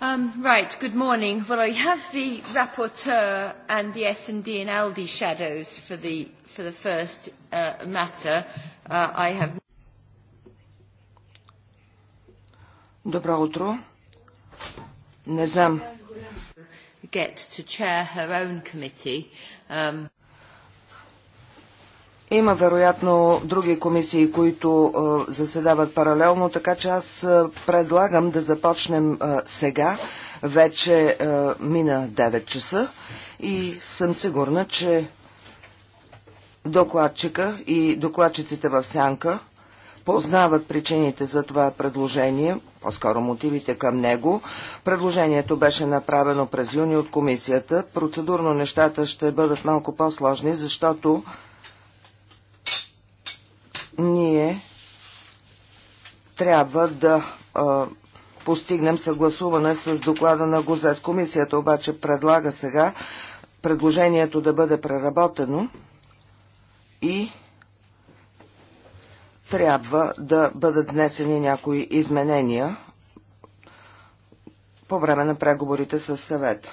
Um, right, good morning. Well, I have the rapporteur and the S&D and ALDI shadows for the, for the first uh, matter. Uh, I have... Добро утро. Не знам. Get to chair her own committee. Um, има вероятно други комисии, които заседават паралелно, така че аз предлагам да започнем сега. Вече мина 9 часа и съм сигурна, че докладчика и докладчиците в сянка познават причините за това предложение, по-скоро мотивите към него. Предложението беше направено през юни от комисията. Процедурно нещата ще бъдат малко по-сложни, защото ние трябва да а, постигнем съгласуване с доклада на ГОЗЕС. Комисията обаче предлага сега предложението да бъде преработено и трябва да бъдат внесени някои изменения по време на преговорите с съвета.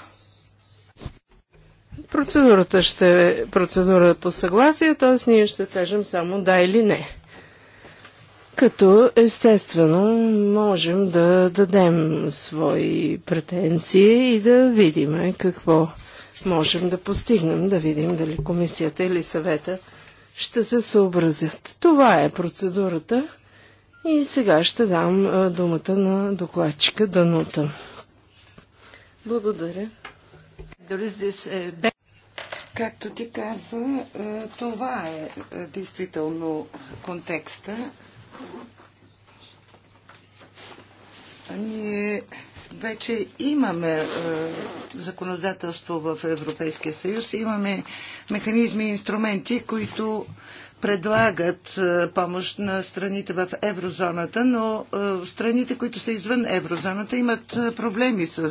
Процедурата ще е процедура по съгласие, т.е. ние ще кажем само да или не. Като естествено можем да дадем свои претенции и да видим какво можем да постигнем, да видим дали комисията или съвета ще се съобразят. Това е процедурата и сега ще дам думата на докладчика Данута. Благодаря. Uh, Както ти каза, е, това е, е действително контекста. Ние вече имаме е, законодателство в Европейския съюз, имаме механизми и инструменти, които предлагат е, помощ на страните в еврозоната, но е, страните, които са извън еврозоната, имат е, проблеми с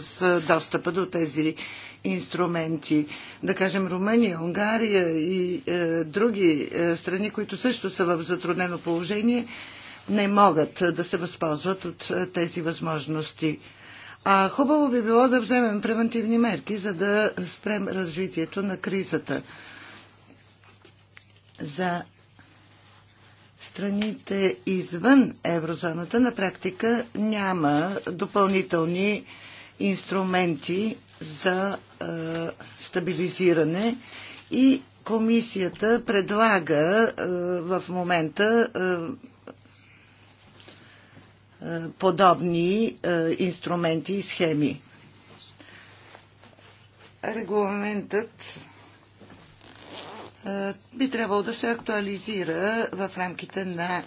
достъпа до тези инструменти. Да кажем Румъния, Унгария и други страни, които също са в затруднено положение, не могат да се възползват от тези възможности. А хубаво би било да вземем превентивни мерки, за да спрем развитието на кризата. За страните извън еврозоната на практика няма допълнителни инструменти за е, стабилизиране и комисията предлага е, в момента е, подобни е, инструменти и схеми. Регламентът е, би трябвало да се актуализира в рамките на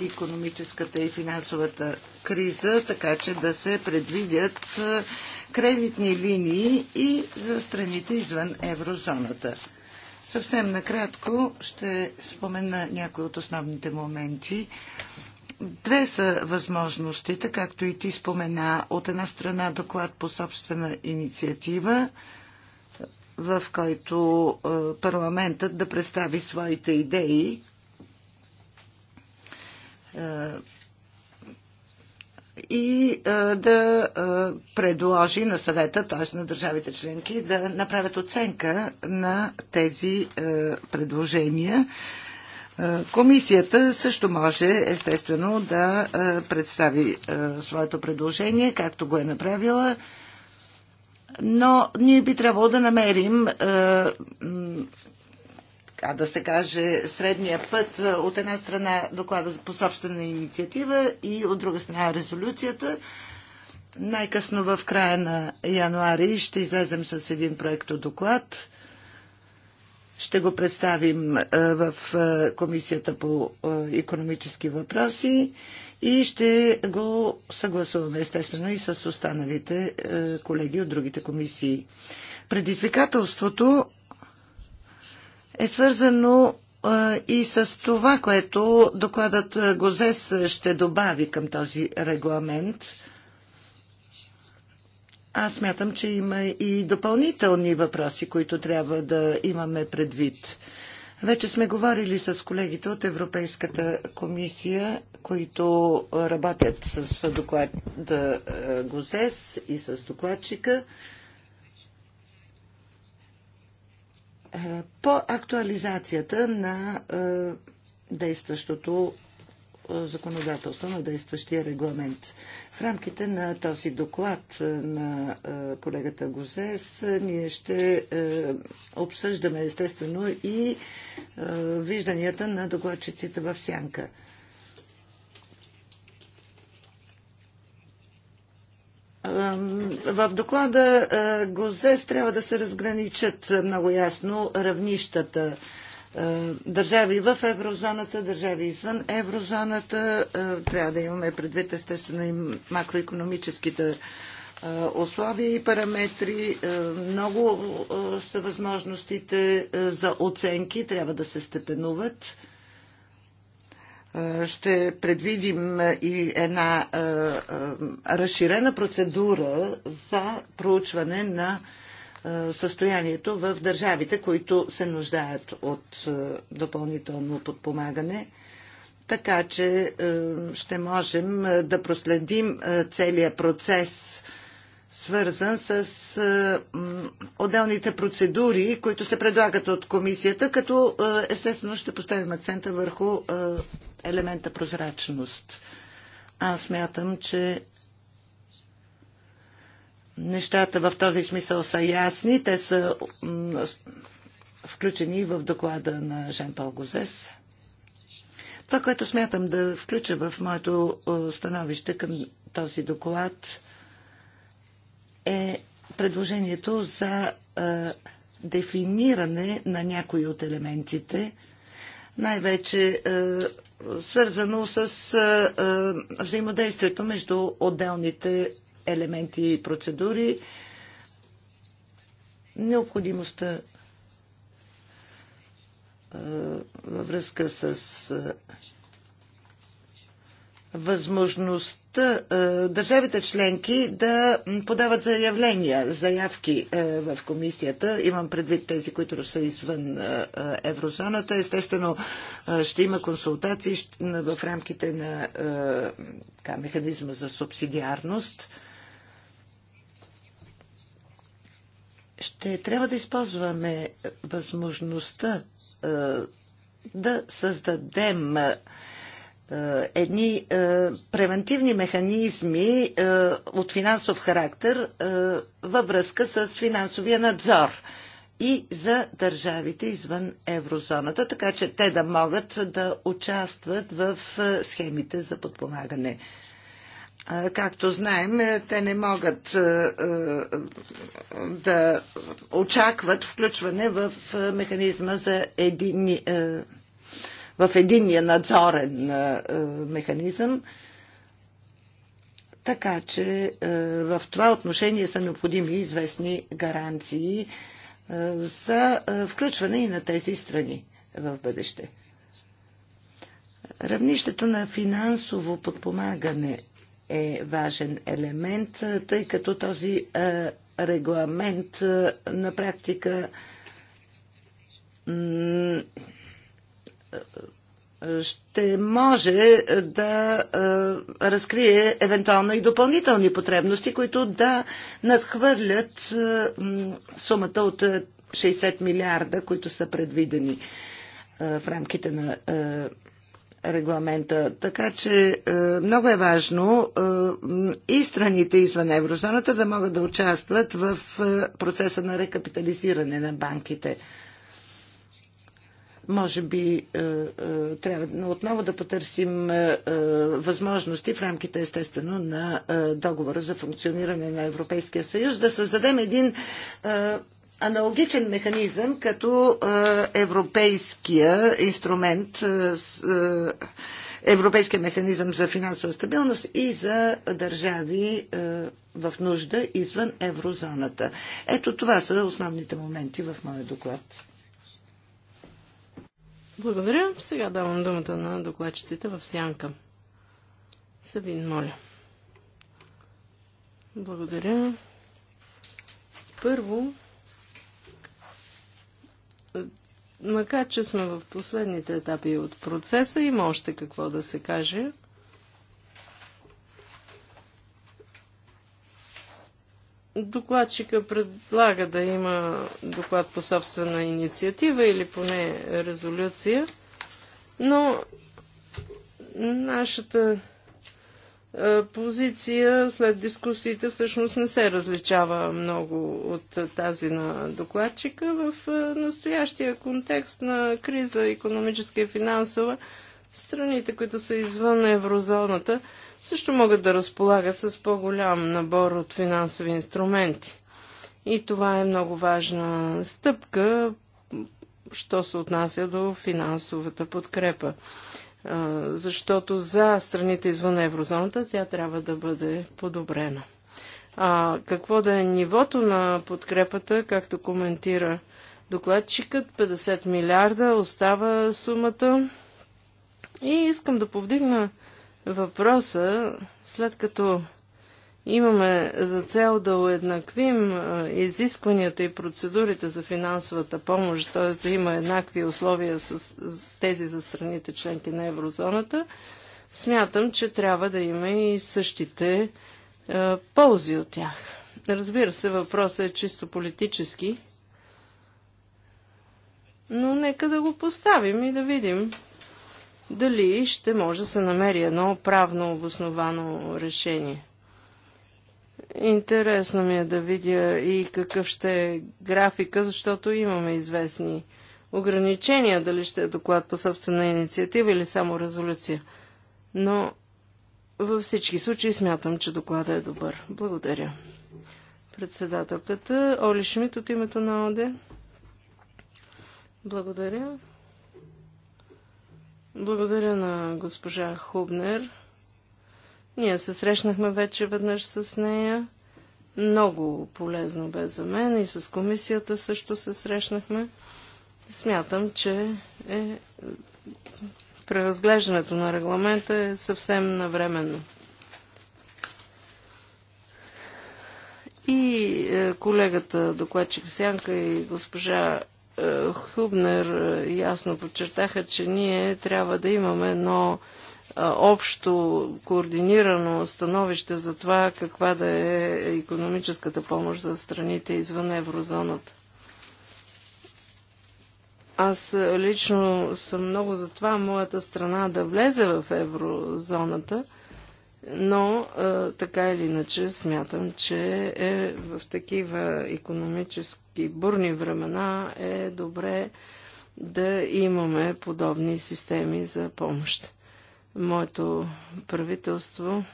економическата и финансовата криза, така че да се предвидят е, кредитни линии и за страните извън еврозоната. Съвсем накратко ще спомена някои от основните моменти. Две са възможностите, както и ти спомена, от една страна доклад по собствена инициатива, в който е, парламентът да представи своите идеи е, и е, да предложи на съвета, т.е. на държавите членки, да направят оценка на тези предложения. Комисията също може, естествено, да представи своето предложение, както го е направила но ние би трябвало да намерим е, така да се каже, средния път е, от една страна доклада по собствена инициатива и от друга страна резолюцията. Най-късно в края на януари ще излезем с един проект от доклад. Ще го представим е, в е, Комисията по економически въпроси и ще го съгласуваме естествено и с останалите е, колеги от другите комисии. Предизвикателството е свързано и с това, което докладът Гозес ще добави към този регламент – аз смятам, че има и допълнителни въпроси, които трябва да имаме предвид. Вече сме говорили с колегите от Европейската комисия, които работят с доклад да, е, ГОЗЕС и с докладчика. Е, По актуализацията на е, действащото законодателство на действащия регламент. В рамките на този доклад е, на е, колегата Гозес е, ние ще обсъждаме естествено и вижданията на докладчиците в Сянка. В доклада ГОЗЕС трябва да се разграничат много ясно равнищата е, държави в еврозоната, държави извън еврозоната. Е, трябва да имаме предвид естествено и макроекономическите е, условия и параметри. Много са възможностите за оценки, трябва да се степенуват. Ще предвидим и една разширена процедура за проучване на е, състоянието в държавите, които се нуждаят от е, допълнително подпомагане. Така че е, ще можем да проследим целият процес, свързан с отделните процедури, които се предлагат от комисията, като естествено ще поставим акцента върху елемента прозрачност. Аз мятам, че Нещата в този смисъл са ясни. Те са включени в доклада на Жан-Пол Гозес. Това, което смятам да включа в моето становище към този доклад е предложението за дефиниране на някои от елементите, най-вече свързано с взаимодействието между отделните елементи и процедури, необходимостта е, във връзка с е, възможността е, държавите членки да подават заявления, заявки в комисията. Имам предвид тези, които са извън еврозоната. Естествено, ще има консултации в рамките на така, механизма за субсидиарност. ще трябва да използваме възможността е, да създадем е, едни е, превентивни механизми от финансов характер във връзка с финансовия надзор и за държавите извън еврозоната, така че те да могат да участват в схемите за подпомагане Както знаем, те не могат да очакват включване в механизма за едини, в единния надзорен механизъм. Така че в това отношение са необходими известни гаранции за включване и на тези страни в бъдеще. Равнището на финансово подпомагане е важен елемент, тъй като този регламент на практика ще може да разкрие евентуално и допълнителни потребности, които да надхвърлят сумата от 60 милиарда, които са предвидени в рамките на регламента. Така че е, много е важно е, и страните извън еврозоната да могат да участват в е, процеса на рекапитализиране на банките. Може би трябва отново да потърсим възможности в рамките, естествено, на договора за функциониране на Европейския съюз, да създадем един аналогичен механизъм като европейския инструмент, европейския механизъм за финансова стабилност и за държави в нужда извън еврозоната. Ето това са основните моменти в моя доклад. Благодаря. Сега давам думата на докладчиците в сянка. Сабин, моля. Благодаря. Първо, Макар, че сме в последните етапи от процеса, има още какво да се каже. Докладчика предлага да има доклад по собствена инициатива или поне резолюция, но нашата е, позиция след дискусиите всъщност не се различава много от тази на докладчика. В е, настоящия контекст на криза економическа и финансова, страните, които са извън еврозоната, също могат да разполагат с по-голям набор от финансови инструменти. И това е много важна стъпка, що се отнася до финансовата подкрепа защото за страните извън еврозоната тя трябва да бъде подобрена. А какво да е нивото на подкрепата, както коментира докладчикът, 50 милиарда остава сумата. И искам да повдигна въпроса, след като Имаме за цел да уеднаквим изискванията и процедурите за финансовата помощ, т.е. да има еднакви условия с тези за страните членки на еврозоната. Смятам, че трябва да има и същите ползи от тях. Разбира се, въпросът е чисто политически, но нека да го поставим и да видим дали ще може да се намери едно правно обосновано решение. Интересно ми е да видя и какъв ще е графика, защото имаме известни ограничения, дали ще е доклад по собствена инициатива или само резолюция. Но във всички случаи смятам, че доклада е добър. Благодаря. Председателката Оли Шмит от името на ОДЕ. Благодаря. Благодаря на госпожа Хубнер. Ние се срещнахме вече веднъж с нея. Много полезно бе за мен и с комисията също се срещнахме. Смятам, че е... преразглеждането на регламента е съвсем навременно. И е, колегата докладчик Сянка и госпожа е, Хубнер е, ясно подчертаха, че ние трябва да имаме едно общо координирано становище за това каква да е економическата помощ за страните извън еврозоната. Аз лично съм много за това моята страна да влезе в еврозоната, но така или иначе смятам, че е в такива економически бурни времена е добре да имаме подобни системи за помощ моето правителство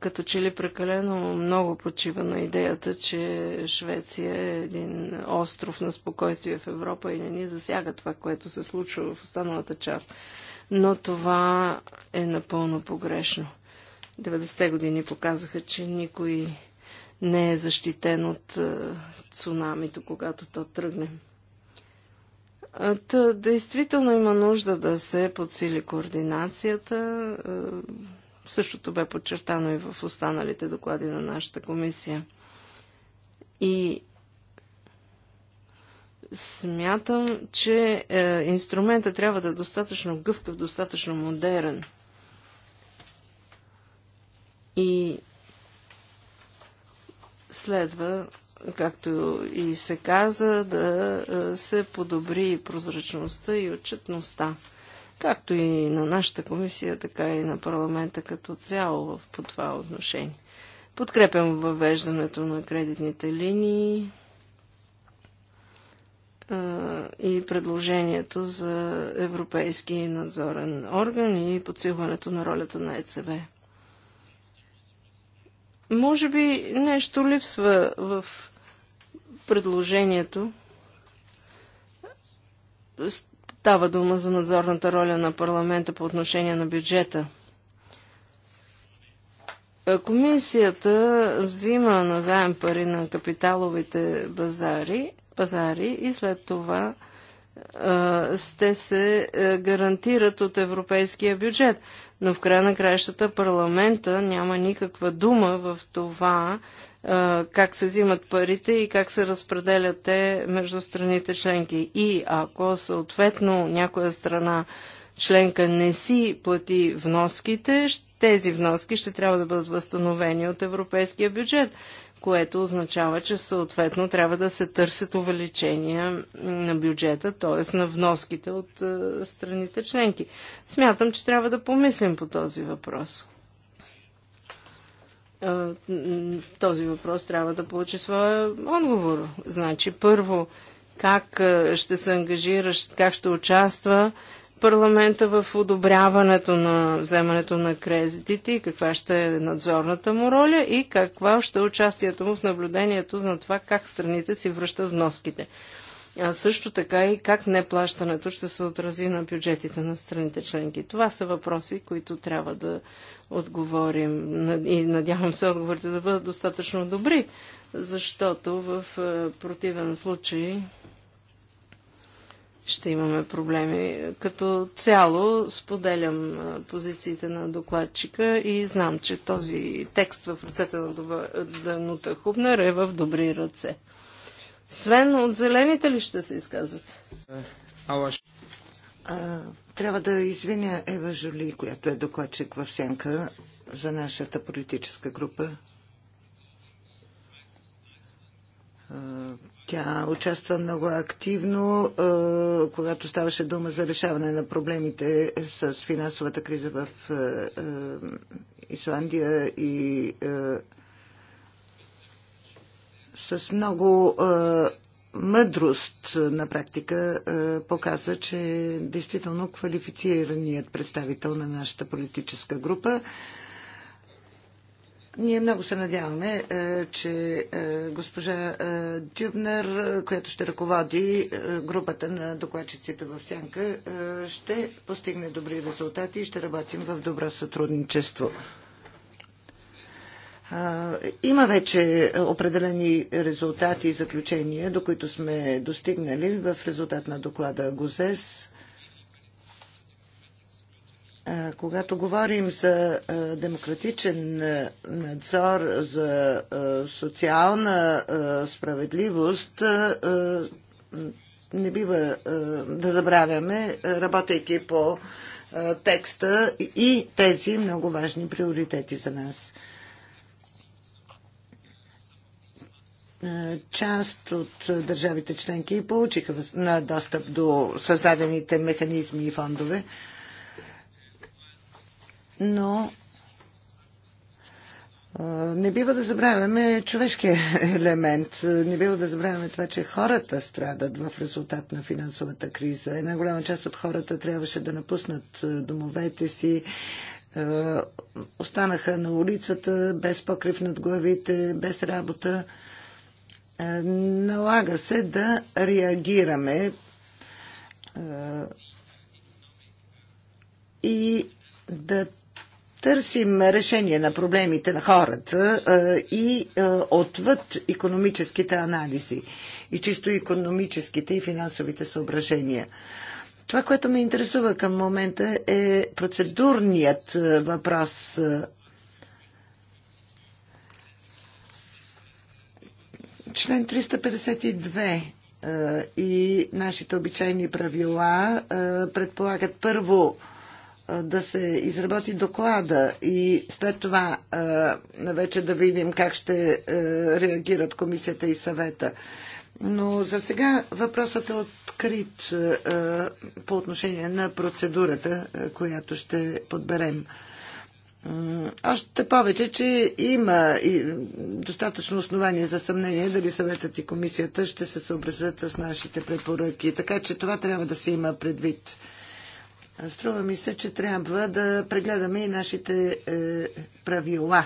като че ли прекалено много почива на идеята, че Швеция е един остров на спокойствие в Европа и не ни засяга това, което се случва в останалата част. Но това е напълно погрешно. 90-те години показаха, че никой не е защитен от цунамито, когато то тръгне. Та, действително има нужда да се подсили координацията. Същото бе подчертано и в останалите доклади на нашата комисия. И смятам, че е, инструмента трябва да е достатъчно гъвкав, достатъчно модерен. И следва както и се каза, да се подобри прозрачността и отчетността, както и на нашата комисия, така и на парламента като цяло по това отношение. Подкрепям въвеждането на кредитните линии и предложението за Европейски надзорен орган и подсилването на ролята на ЕЦБ. Може би нещо липсва в предложението става дума за надзорната роля на парламента по отношение на бюджета. Комисията взима назаем пари на капиталовите базари, пазари и след това сте се гарантират от европейския бюджет. Но в края на краищата парламента няма никаква дума в това как се взимат парите и как се разпределят те между страните членки. И ако съответно някоя страна членка не си плати вноските, тези вноски ще трябва да бъдат възстановени от европейския бюджет, което означава, че съответно трябва да се търсят увеличения на бюджета, т.е. на вноските от страните членки. Смятам, че трябва да помислим по този въпрос този въпрос трябва да получи своя отговор. Значи, първо, как ще се ангажираш, как ще участва парламента в одобряването на вземането на кредитите, каква ще е надзорната му роля и каква ще е участието му в наблюдението на това как страните си връщат вноските. А също така и как неплащането ще се отрази на бюджетите на страните членки. Това са въпроси, които трябва да отговорим и надявам се отговорите да бъдат достатъчно добри, защото в е, противен случай ще имаме проблеми. Като цяло споделям е, позициите на докладчика и знам, че този текст в ръцете на е, Данута Хубнер е в добри ръце. Свен, от зелените ли ще се изказвате? Алаш. А, трябва да извиня Ева Жоли, която е докладчик в Сянка за нашата политическа група. А, тя участва много активно, когато ставаше дума за решаване на проблемите с финансовата криза в Исландия и с много мъдрост на практика е, показва, че действително квалифицираният представител на нашата политическа група ние много се надяваме, е, че е, госпожа Дюбнер, която ще ръководи групата на докладчиците в Сянка, ще постигне добри резултати и ще работим в добро сътрудничество. Има вече определени резултати и заключения, до които сме достигнали в резултат на доклада ГОЗЕС. Когато говорим за демократичен надзор, за социална справедливост, не бива да забравяме, работейки по текста и тези много важни приоритети за нас. Е, част от държавите членки получиха на достъп до създадените механизми и фондове. Но е, не бива да забравяме човешкия елемент. Не бива да забравяме това, че хората страдат в резултат на финансовата криза. Една голяма част от хората трябваше да напуснат е, домовете си, останаха на улицата без покрив над главите, без работа. Е, налага се да реагираме е, и да търсим решение на проблемите на хората е, и отвъд економическите анализи и чисто економическите и финансовите съображения. Това, което ме интересува към момента е процедурният въпрос Член 352 е, и нашите обичайни правила е, предполагат първо е, да се изработи доклада и след това вече да видим как ще реагират комисията и съвета. Но за сега въпросът е открит по отношение на процедурата, която ще подберем. Още повече, че има достатъчно основание за съмнение дали съветът и комисията ще се съобразят с нашите препоръки. Така че това трябва да се има предвид. Струва ми се, че трябва да прегледаме и нашите е, правила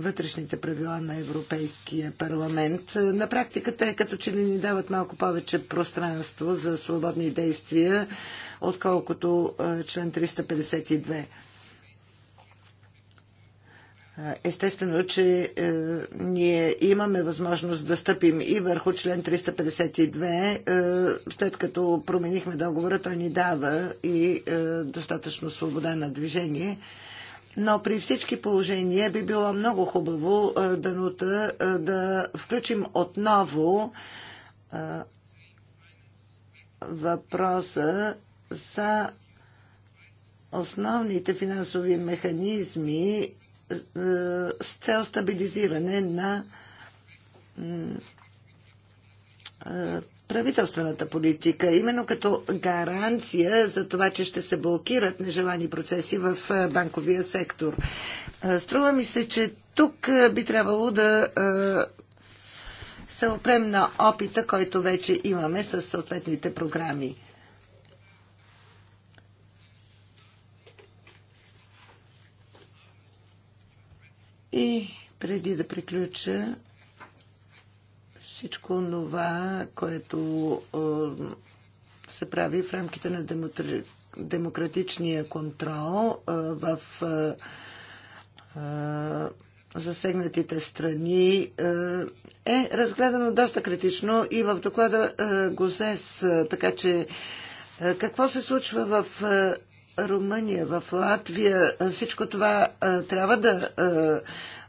вътрешните правила на Европейския парламент. На практика те като че ли ни дават малко повече пространство за свободни действия, отколкото член 352. Естествено, че е, ние имаме възможност да стъпим и върху член 352, е, след като променихме договора, той ни дава и е, достатъчно свобода на движение. Е, но при всички положения би било много хубаво е, да нота, е, да включим отново е, въпроса за основните финансови механизми с цел стабилизиране на правителствената политика, именно като гаранция за това, че ще се блокират нежелани процеси в банковия сектор. Струва ми се, че тук би трябвало да се опрем на опита, който вече имаме с съответните програми. И преди да приключа, всичко това, което е, се прави в рамките на демократичния контрол е, в е, засегнатите страни е разгледано доста критично и в доклада ГОСЕС. Така че какво се случва в Румъния, в Латвия, всичко това трябва да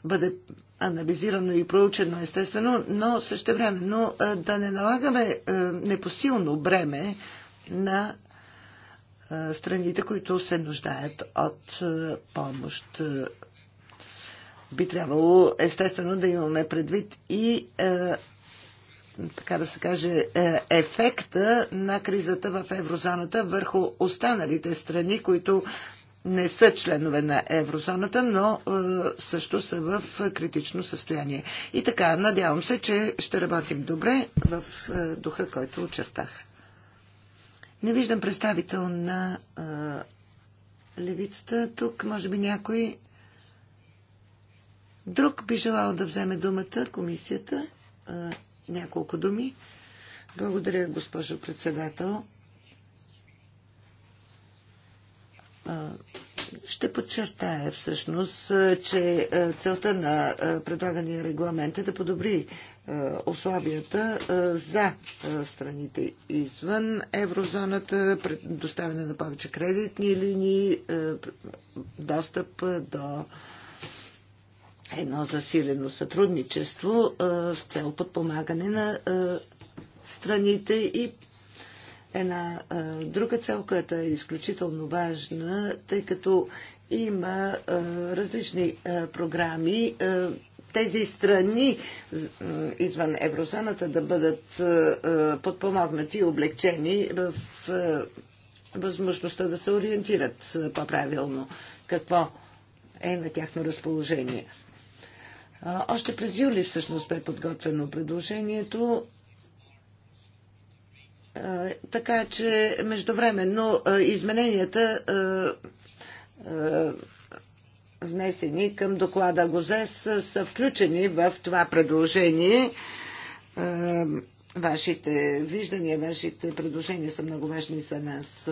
бъде анализирано и проучено, естествено, но също време, но да не налагаме непосилно бреме на страните, които се нуждаят от помощ. Би трябвало, естествено, да имаме предвид и така да се каже, ефекта на кризата в еврозоната върху останалите страни, които не са членове на еврозоната, но е, също са в критично състояние. И така, надявам се, че ще работим добре в е, духа, който очертах. Не виждам представител на е, левицата. Тук може би някой друг би желал да вземе думата, комисията. Няколко думи. Благодаря, госпожо председател. Ще подчертая всъщност, че целта на предлагания регламент е да подобри условията за страните извън еврозоната, предоставяне на повече кредитни линии, достъп до едно засилено сътрудничество с цел подпомагане на страните и една а, друга цел, която е изключително важна, тъй като има а, различни а, програми. А, тези страни извън еврозоната да бъдат а, подпомогнати и облегчени в а, възможността да се ориентират по-правилно какво е на тяхно разположение. Още през юли всъщност бе подготвено предложението така че междувременно измененията внесени към доклада ГОЗЕС са включени в това предложение. Вашите виждания, вашите предложения са много важни за нас.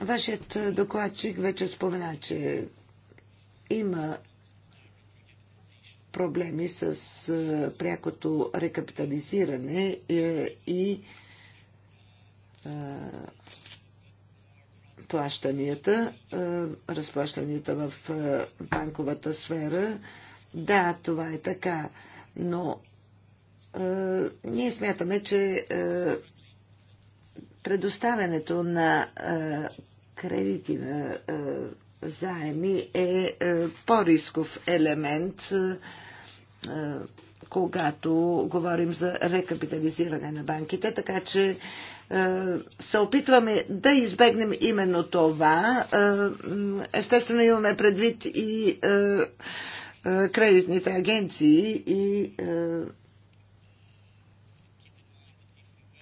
Вашият докладчик вече спомена, че има проблеми с прякото рекапитализиране е, и плащанията, разплащанията в банковата сфера. Да, това е така, но ние смятаме, че предоставянето на кредити на заеми е по-рисков елемент когато говорим за рекапитализиране на банките, така че е, се опитваме да избегнем именно това. Е, естествено имаме предвид и е, кредитните агенции и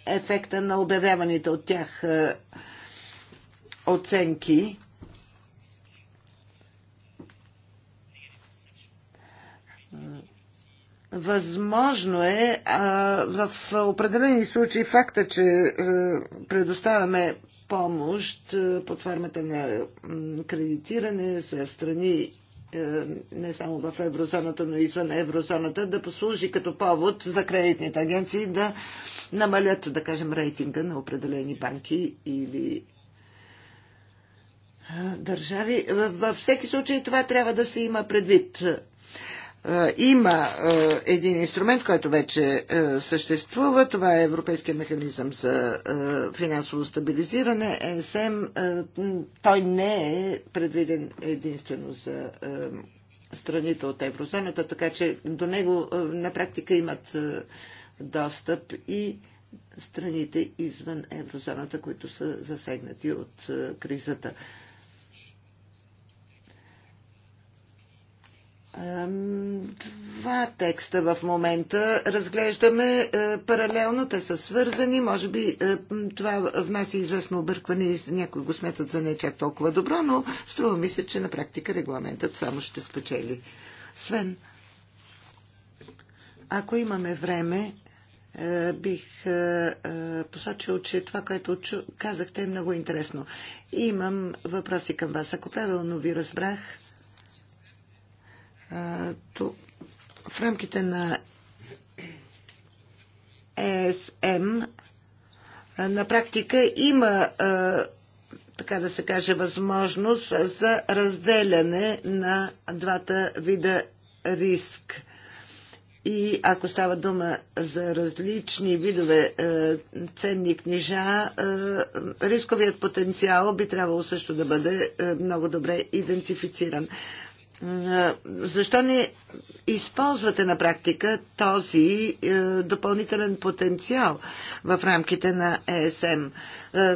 ефекта на обявяваните от тях оценки. Възможно е а, в определени случаи факта, че а, е, предоставяме помощ а, е, под формата на кредитиране за страни а, е, не само в еврозоната, но и извън еврозоната, да послужи като повод за кредитните агенции да намалят, да кажем, рейтинга на определени банки или а, държави. Във всеки случай това трябва да се има предвид. Е, има е, един инструмент, който вече е, съществува. Това е Европейския механизъм за финансово стабилизиране, ЕСМ. Той не е предвиден единствено за страните от еврозоната, така че до него на практика имат достъп и страните извън еврозоната, които са засегнати от кризата. Два текста в момента разглеждаме е, паралелно, те са свързани. Може би е, това внася известно объркване и някои го сметат за не е чак толкова добро, но струва ми се, че на практика регламентът само ще спечели. Свен, ако имаме време, бих посочил, че това, което казахте е много интересно. имам въпроси към вас. Ако правилно ви разбрах, в рамките на ЕСМ на практика има така да се каже, възможност за разделяне на двата вида риск. И ако става дума за различни видове е, ценни книжа, е, рисковият потенциал би трябвало също да бъде е, много добре идентифициран. Защо не използвате на практика този е, допълнителен потенциал в рамките на ЕСМ?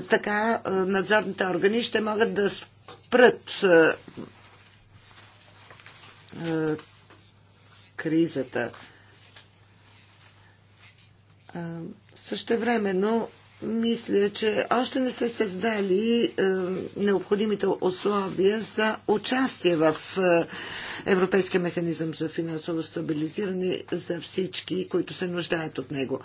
Така е, надзорните органи ще могат да спрат е, кризата. Също времено мисля, че още не сте създали е, необходимите условия за участие в е, Европейския механизъм за финансово стабилизиране за всички, които се нуждаят от него.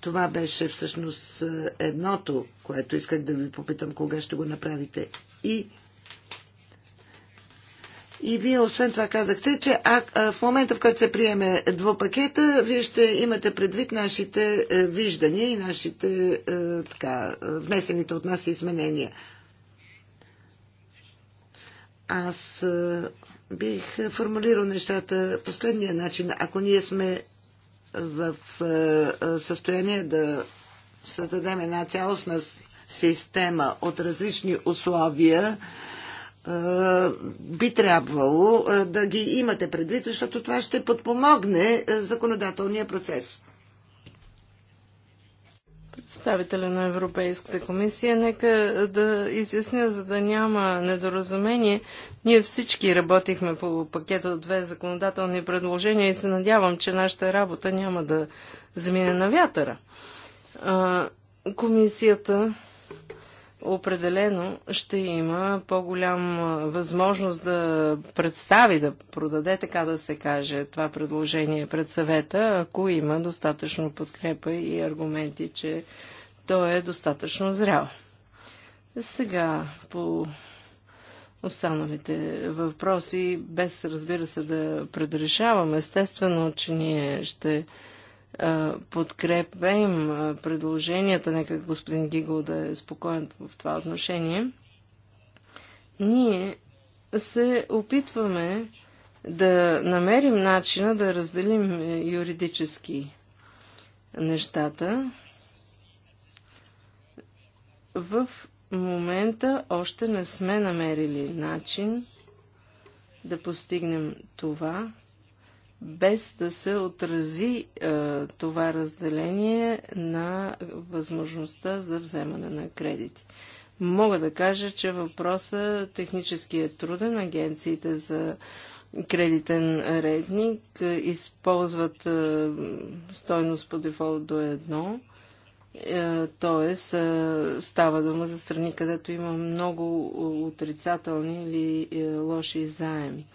Това беше всъщност е, едното, което исках да ви попитам кога ще го направите. И и вие освен това казахте, че а, в момента в който се приеме двупакета, вие ще имате предвид нашите е, виждания и нашите е, така, е, внесените от нас изменения. Аз бих формулирал нещата последния начин. Ако ние сме в състояние да създадем една цялостна система от различни условия, е, би трябвало е, да ги имате предвид, защото това ще подпомогне е, законодателния процес. Представителя на Европейската комисия, нека да изясня, за да няма недоразумение. Ние всички работихме по пакет от две законодателни предложения и се надявам, че нашата работа няма да замине на вятъра. Комисията определено ще има по-голям възможност да представи, да продаде, така да се каже, това предложение пред съвета, ако има достатъчно подкрепа и аргументи, че то е достатъчно зрял. Сега по останалите въпроси, без разбира се да предрешавам, естествено, че ние ще е, подкрепям е, предложенията, нека господин Гигол да е спокоен в това отношение, ние се опитваме да намерим начина да разделим е, юридически нещата. В момента още не сме намерили начин да постигнем това, без да се отрази е, това разделение на възможността за вземане на кредити. Мога да кажа, че въпросът технически е труден. Агенциите за кредитен рейтинг използват е, стойност по дефолт до едно. Е, Тоест, е, става дума за страни, където има много отрицателни или е, лоши заеми.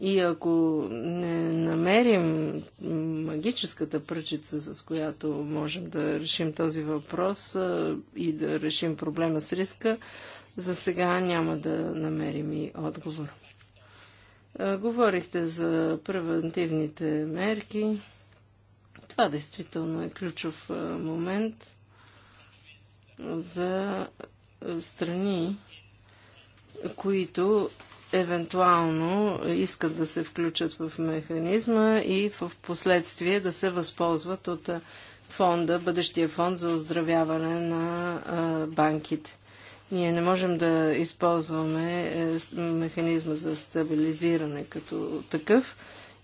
И ако не намерим магическата пръчица, с която можем да решим този въпрос и да решим проблема с риска, за сега няма да намерим и отговор. Говорихте за превентивните мерки. Това действително е ключов момент за страни, които евентуално искат да се включат в механизма и в последствие да се възползват от фонда, бъдещия фонд за оздравяване на банките. Ние не можем да използваме е, механизма за стабилизиране като такъв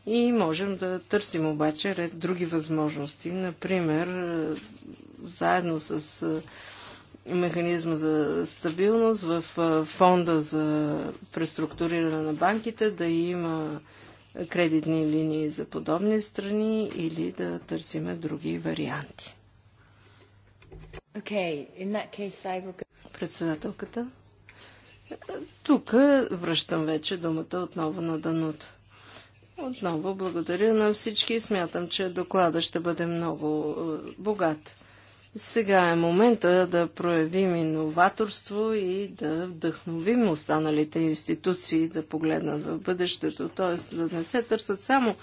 и можем да търсим обаче ред други възможности. Например, е, заедно с е, механизма за стабилност, в фонда за преструктуриране на банките, да има кредитни линии за подобни страни или да търсиме други варианти. Okay, in that case I will go... Председателката. Тук връщам вече думата отново на Данута. Отново благодаря на всички. Смятам, че доклада ще бъде много богат. Сега е момента да проявим иноваторство и да вдъхновим останалите институции да погледнат в бъдещето, т.е. да не се търсят само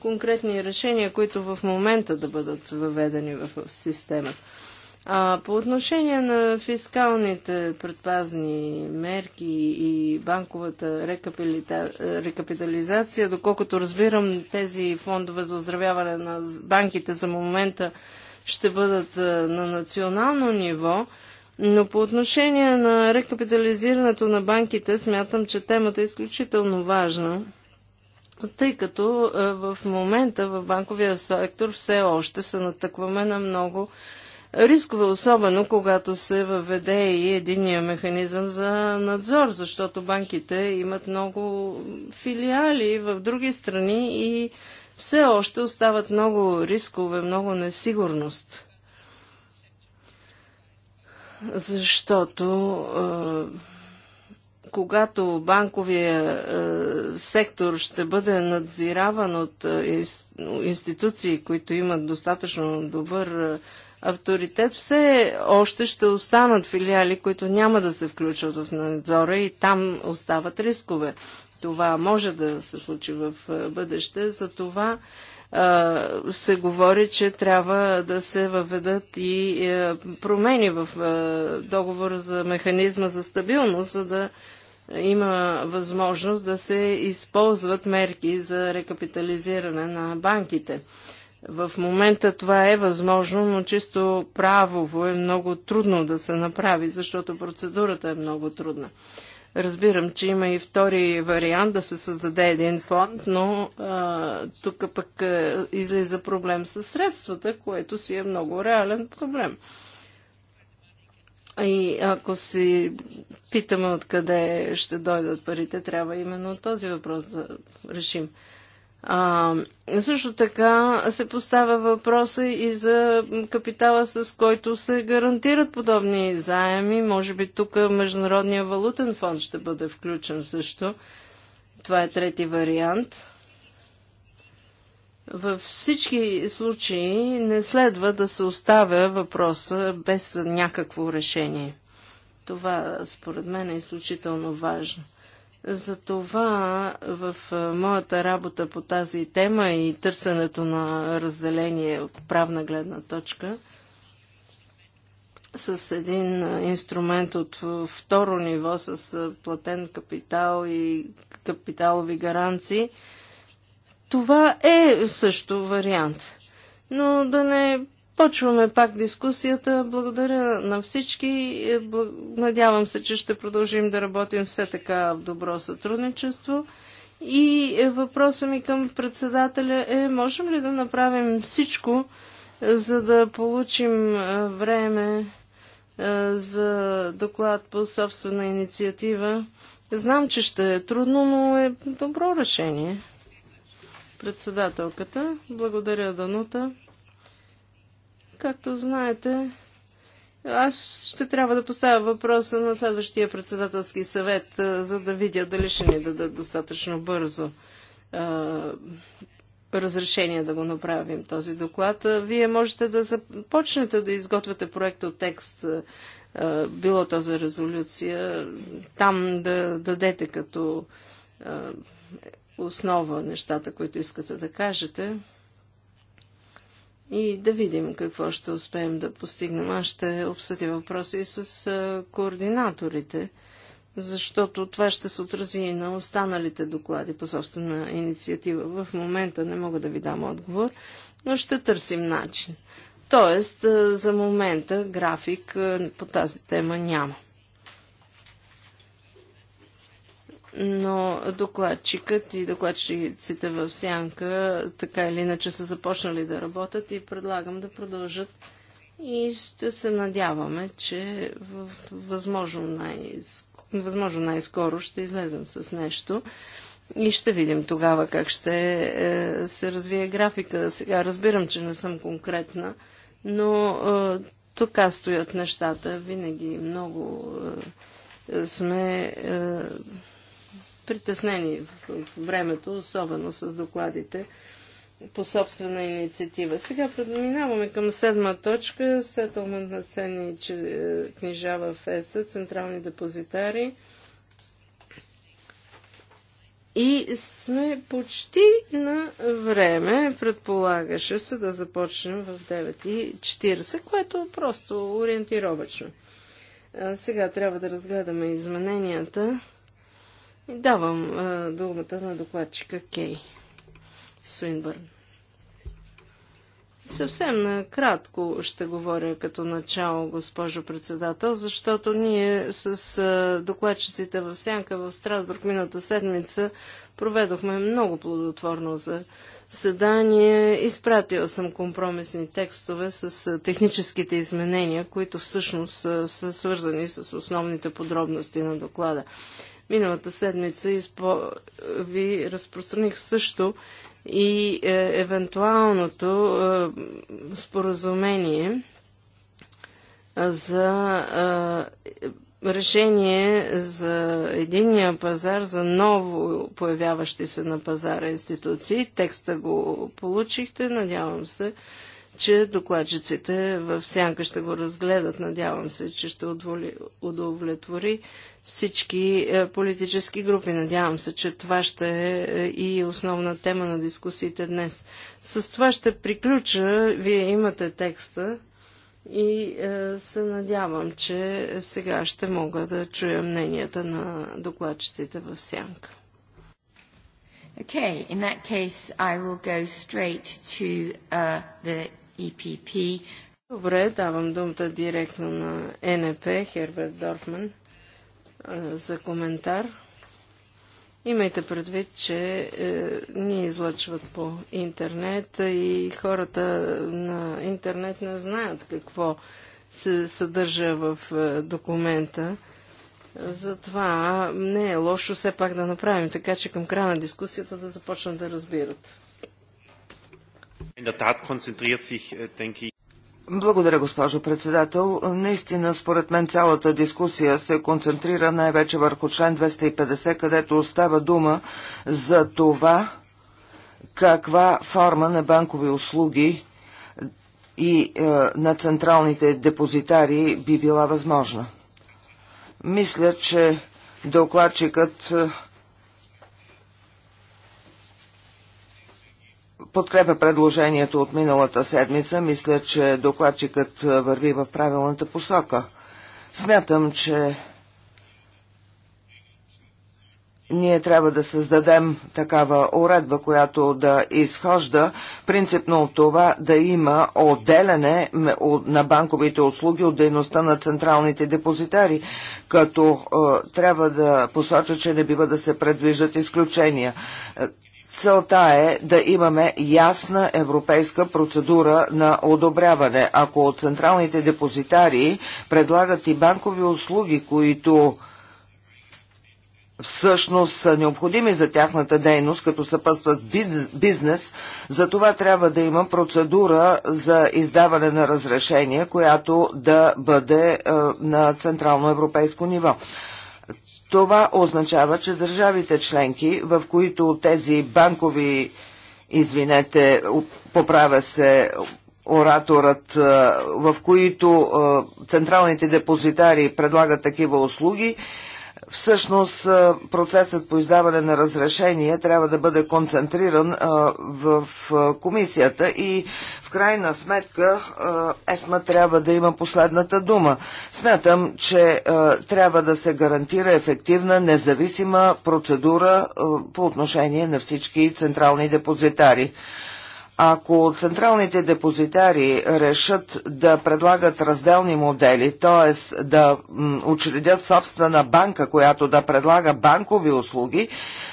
конкретни решения, които в момента да бъдат въведени в системата. А по отношение на фискалните предпазни мерки и банковата рекапилита... рекапитализация, доколкото разбирам тези фондове за оздравяване на банките за момента ще бъдат на национално ниво, но по отношение на рекапитализирането на банките смятам, че темата е изключително важна, тъй като в момента в банковия сектор все още се натъкваме на много рискове, особено когато се въведе и единия механизъм за надзор, защото банките имат много филиали в други страни и все още остават много рискове, много несигурност. Защото е, когато банковия е, сектор ще бъде надзираван от е, институции, които имат достатъчно добър е, авторитет, все още ще останат филиали, които няма да се включват в надзора и там остават рискове това може да се случи в бъдеще, за това се говори, че трябва да се въведат и промени в договора за механизма за стабилност, за да има възможност да се използват мерки за рекапитализиране на банките. В момента това е възможно, но чисто правово е много трудно да се направи, защото процедурата е много трудна. Разбирам, че има и втори вариант да се създаде един фонд, но а, тук пък а, излиза проблем с средствата, което си е много реален проблем. И ако си питаме откъде ще дойдат парите, трябва именно този въпрос да решим. А, също така се поставя въпроса и за капитала, с който се гарантират подобни заеми. Може би тук Международния валутен фонд ще бъде включен също. Това е трети вариант. Във всички случаи не следва да се оставя въпроса без някакво решение. Това според мен е изключително важно. Затова в моята работа по тази тема и търсенето на разделение от правна гледна точка с един инструмент от второ ниво с платен капитал и капиталови гаранции, това е също вариант. Но да не Почваме пак дискусията. Благодаря на всички. Надявам се, че ще продължим да работим все така в добро сътрудничество. И въпросът ми към председателя е, можем ли да направим всичко, за да получим време за доклад по собствена инициатива? Знам, че ще е трудно, но е добро решение. Председателката, благодаря Данута. Както знаете, аз ще трябва да поставя въпроса на следващия председателски съвет, за да видя дали ще ни дадат достатъчно бързо разрешение да го направим този доклад. Вие можете да започнете да изготвяте проект от текст, било то за резолюция, там да дадете като основа нещата, които искате да кажете и да видим какво ще успеем да постигнем. Аз ще обсъдя въпроса и с координаторите, защото това ще се отрази и на останалите доклади по собствена инициатива. В момента не мога да ви дам отговор, но ще търсим начин. Тоест, за момента график по тази тема няма. но докладчикът и докладчиците в сянка така или иначе са започнали да работят и предлагам да продължат и ще се надяваме, че възможно, най- възможно най-скоро ще излезем с нещо и ще видим тогава как ще е, се развие графика. Сега разбирам, че не съм конкретна, но е, тук стоят нещата. Винаги много е, сме притеснени в времето, особено с докладите по собствена инициатива. Сега преминаваме към седма точка. Сетълмент на ценни е, книжа в ЕСА, централни депозитари. И сме почти на време. Предполагаше се да започнем в 9.40, което е просто ориентировачно. сега трябва да разгледаме измененията. Давам думата на докладчика Кей Суинбърн. Съвсем кратко ще говоря като начало, госпожо председател, защото ние с докладчиците в Сянка в Страсбург миналата седмица проведохме много плодотворно заседание. Изпратила съм компромисни текстове с техническите изменения, които всъщност са свързани с основните подробности на доклада. Миналата седмица изпо... ви разпространих също и е, евентуалното е, споразумение е, за е, решение за единния пазар, за ново появяващи се на пазара институции. Текста го получихте, надявам се че докладчиците в сянка ще го разгледат. Надявам се, че ще удовлетвори всички е, политически групи. Надявам се, че това ще е, е и основна тема на дискусиите днес. С това ще приключа. Вие имате текста и е, се надявам, че сега ще мога да чуя мненията на докладчиците в сянка. Okay, in that case, I will go straight to uh, the EPP. Добре, давам думата директно на НП, Херберт Дорфман, за коментар. Имайте предвид, че е, ни излъчват по интернет и хората на интернет не знаят какво се съдържа в е, документа. Затова не е лошо все пак да направим така, че към края на дискусията да започнат да разбират. Äh, Благодаря, госпожо председател. Наистина, според мен, цялата дискусия се концентрира най-вече върху член 250, където остава дума за това каква форма на банкови услуги и е, на централните депозитари би била възможна. Мисля, че докладчикът. Е, подкрепя предложението от миналата седмица. Мисля, че докладчикът върви в правилната посока. Смятам, че ние трябва да създадем такава уредба, която да изхожда принципно от това да има отделяне на банковите услуги от дейността на централните депозитари, като е, трябва да посоча, че не бива да се предвиждат изключения. Целта е да имаме ясна европейска процедура на одобряване. Ако от централните депозитари предлагат и банкови услуги, които всъщност са необходими за тяхната дейност, като съпъстват бизнес, за това трябва да има процедура за издаване на разрешение, която да бъде е, на централно европейско ниво. Това означава, че държавите членки, в които тези банкови, извинете, поправя се ораторът, е, в които е, централните депозитари предлагат такива услуги, Всъщност процесът по издаване на разрешение трябва да бъде концентриран в комисията и в крайна сметка ЕСМА трябва да има последната дума. Смятам, че трябва да се гарантира ефективна, независима процедура по отношение на всички централни депозитари. Ако централните депозитари решат да предлагат разделни модели, т.е. да учредят собствена банка, която да предлага банкови услуги,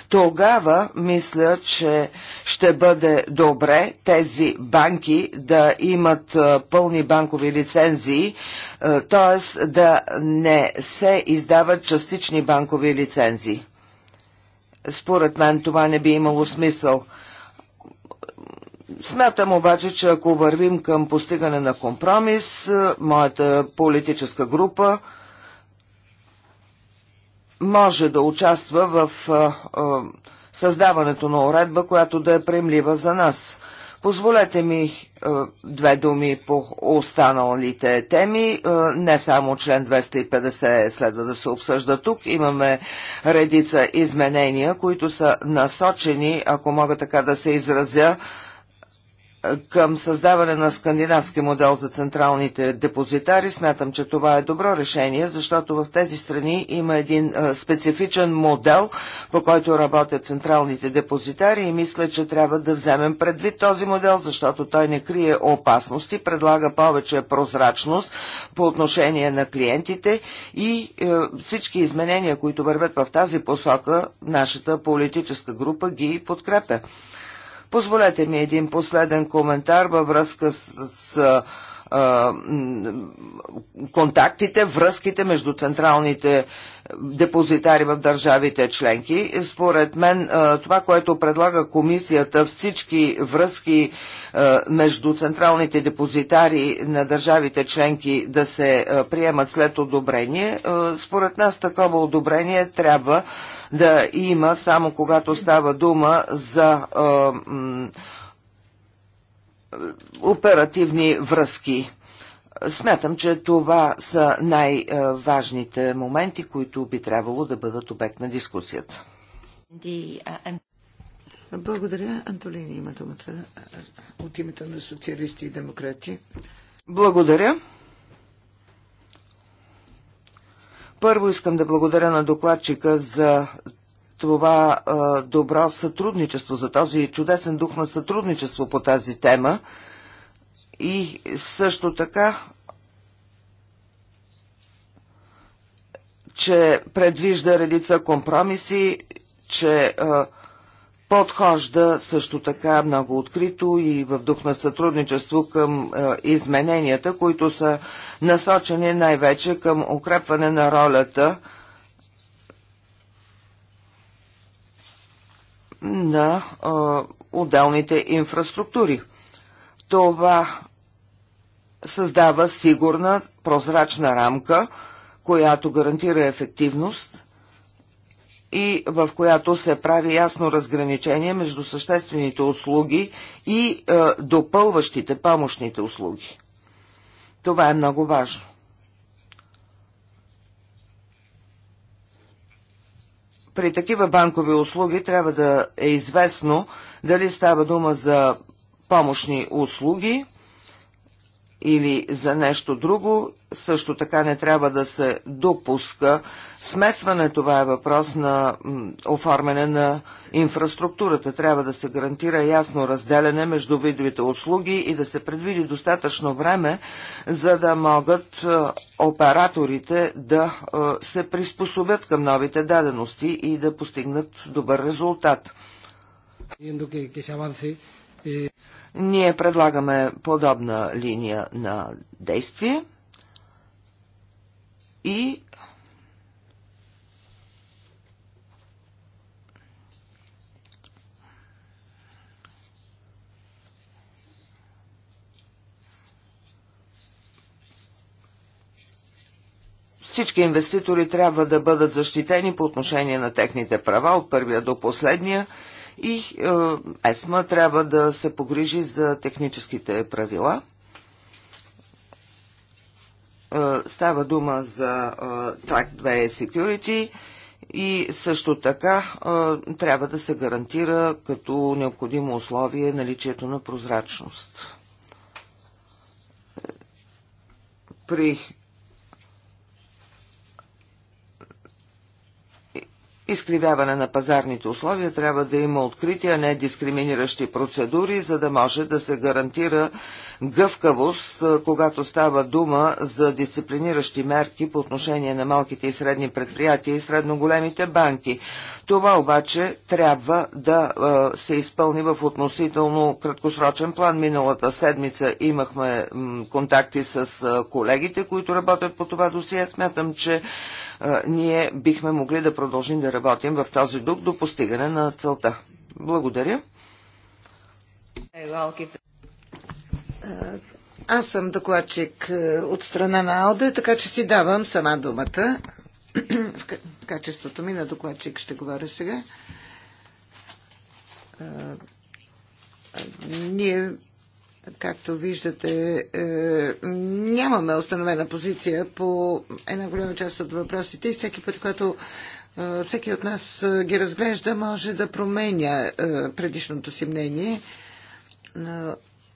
тогава мисля, че ще бъде добре тези банки да имат пълни банкови лицензии, т.е. да не се издават частични банкови лицензии. Според мен това не би имало смисъл – Смятам обаче, че ако вървим към постигане на компромис, е, моята политическа група може да участва в е, е, създаването на уредба, която да е приемлива за нас. Позволете ми две думи по останалите теми. Не само член 250 следва да се обсъжда тук. Имаме редица изменения, които са насочени, ако мога така да се изразя, към създаване на скандинавски модел за централните депозитари. Смятам, че това е добро решение, защото в тези страни има един а, специфичен модел, по който работят централните депозитари и мисля, че трябва да вземем предвид този модел, защото той не крие опасности, предлага повече прозрачност по отношение на клиентите и е, всички изменения, които вървят в тази посока, нашата политическа група ги подкрепя. Позволете ми един последен коментар във връзка с, с а, контактите, връзките между централните депозитари в държавите членки. Според мен това, което предлага комисията, всички връзки между централните депозитари на държавите членки да се приемат след одобрение, според нас такова одобрение трябва да има само когато става дума за оперативни връзки. Смятам, че това са най-важните моменти, които би трябвало да бъдат обект на дискусията. Благодаря. Антолини има думата от името на социалисти и демократи. Благодаря. Първо искам да благодаря на докладчика за това а, добро сътрудничество, за този чудесен дух на сътрудничество по тази тема. И също така, че предвижда редица компромиси, че а, подхожда също така много открито и в дух на сътрудничество към е, измененията, които са насочени най-вече към укрепване на ролята на е, отделните инфраструктури. Това създава сигурна, прозрачна рамка, която гарантира ефективност и в която се прави ясно разграничение между съществените услуги и е, допълващите помощните услуги. Това е много важно. При такива банкови услуги трябва да е известно дали става дума за помощни услуги или за нещо друго. Също така не трябва да се допуска смесване. Това е въпрос на оформяне на инфраструктурата. Трябва да се гарантира ясно разделяне между видовите услуги и да се предвиди достатъчно време, за да могат е, операторите да е, се приспособят към новите дадености и да постигнат добър резултат. Eh, Ние предлагаме подобна линия на действие и Всички инвеститори трябва да бъдат защитени по отношение на техните права от първия до последния и е, ЕСМА трябва да се погрижи за техническите правила. Е, става дума за е, Track 2 Security и също така е, трябва да се гарантира като необходимо условие наличието на прозрачност. Е, при изкривяване на пазарните условия трябва да има открити, а не дискриминиращи процедури, за да може да се гарантира гъвкавост, когато става дума за дисциплиниращи мерки по отношение на малките и средни предприятия и средно големите банки. Това обаче трябва да се изпълни в относително краткосрочен план. Миналата седмица имахме контакти с колегите, които работят по това досие. Смятам, че ние бихме могли да продължим да работим в този дух до постигане на целта. Благодаря. Аз съм докладчик е, от страна на АОДА, така че си давам сама думата. В качеството ми на докладчик ще говоря сега. Ние Както виждате, е, нямаме установена позиция по една голяма част от въпросите и всеки път, когато е, всеки от нас е, ги разглежда, може да променя предишното си мнение.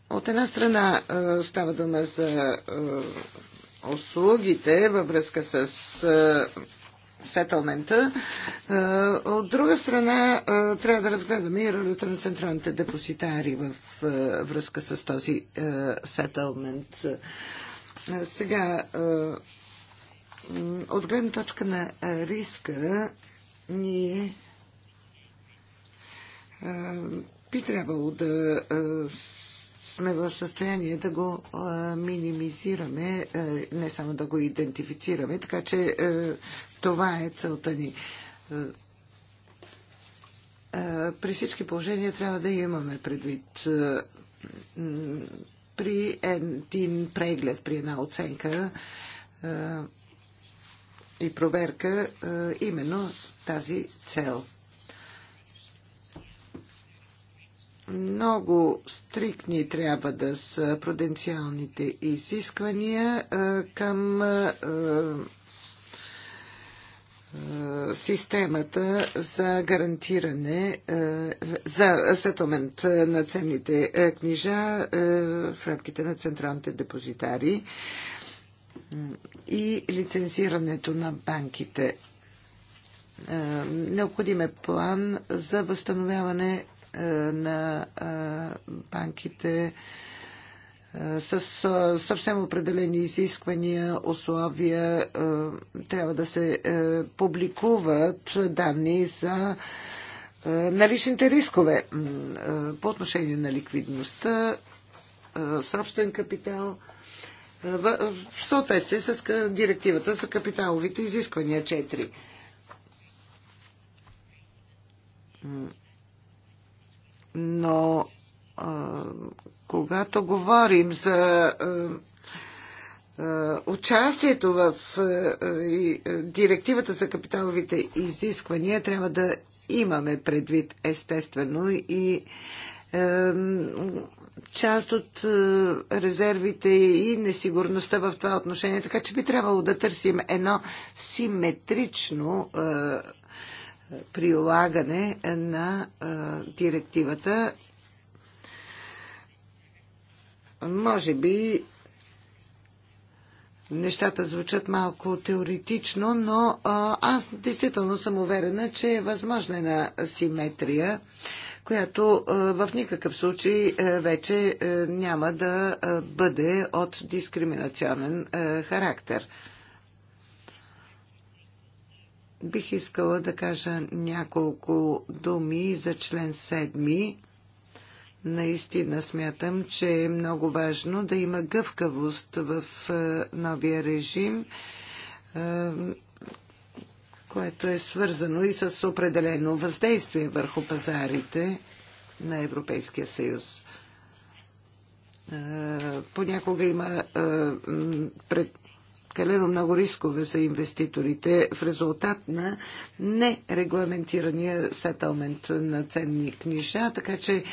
От една страна става дума за услугите във връзка с сетълмента. Е, от друга страна, е, трябва да разгледаме и ролята на централните депозитари в е, връзка с този сетълмент. Сега, от гледна точка на риска, ние би трябвало да сме в състояние да го минимизираме, не само да го идентифицираме, така че това е целта ни. При всички положения трябва да имаме предвид при един преглед, при една оценка и проверка именно тази цел – много стрикни трябва да са пруденциалните изисквания към системата за гарантиране за сетлмент на ценните книжа в рамките на централните депозитари и лицензирането на банките. Необходим е план за възстановяване е, на е, банките е, с съвсем определени изисквания, условия. Трябва да се публикуват данни за наличните рискове по отношение на ликвидността, собствен капитал в съответствие с директивата за капиталовите изисквания 4. Но когато говорим за участието в директивата за капиталовите изисквания, трябва да имаме предвид естествено и част от е, резервите и несигурността в това отношение. Така че би трябвало да търсим едно симетрично е, прилагане на директивата. Може би нещата звучат малко теоретично, но аз действително съм уверена, че е възможна на симетрия, която в никакъв случай вече няма да бъде от дискриминационен характер бих искала да кажа няколко думи за член 7. Наистина смятам, че е много важно да има гъвкавост в е, новия режим, е, което е свързано и с определено въздействие върху пазарите на Европейския съюз. Е, понякога има пред прекалено много рискове за инвеститорите в резултат на нерегламентирания сетълмент на ценни книжа, така че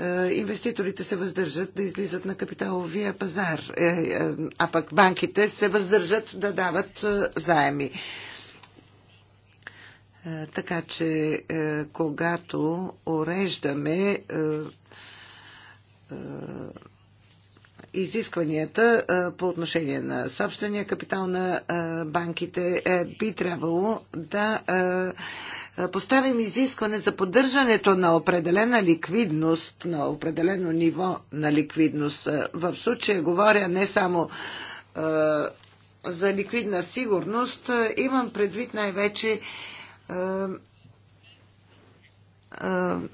е, инвеститорите се въздържат да излизат на капиталовия пазар, е, е, а пък банките се въздържат да дават е, заеми. Е, така че, е, когато уреждаме е, е изискванията по отношение на собствения капитал на банките е, би трябвало да поставим изискване за поддържането на определена ликвидност, на определено ниво на ликвидност. В случая говоря не само за ликвидна сигурност, имам предвид най-вече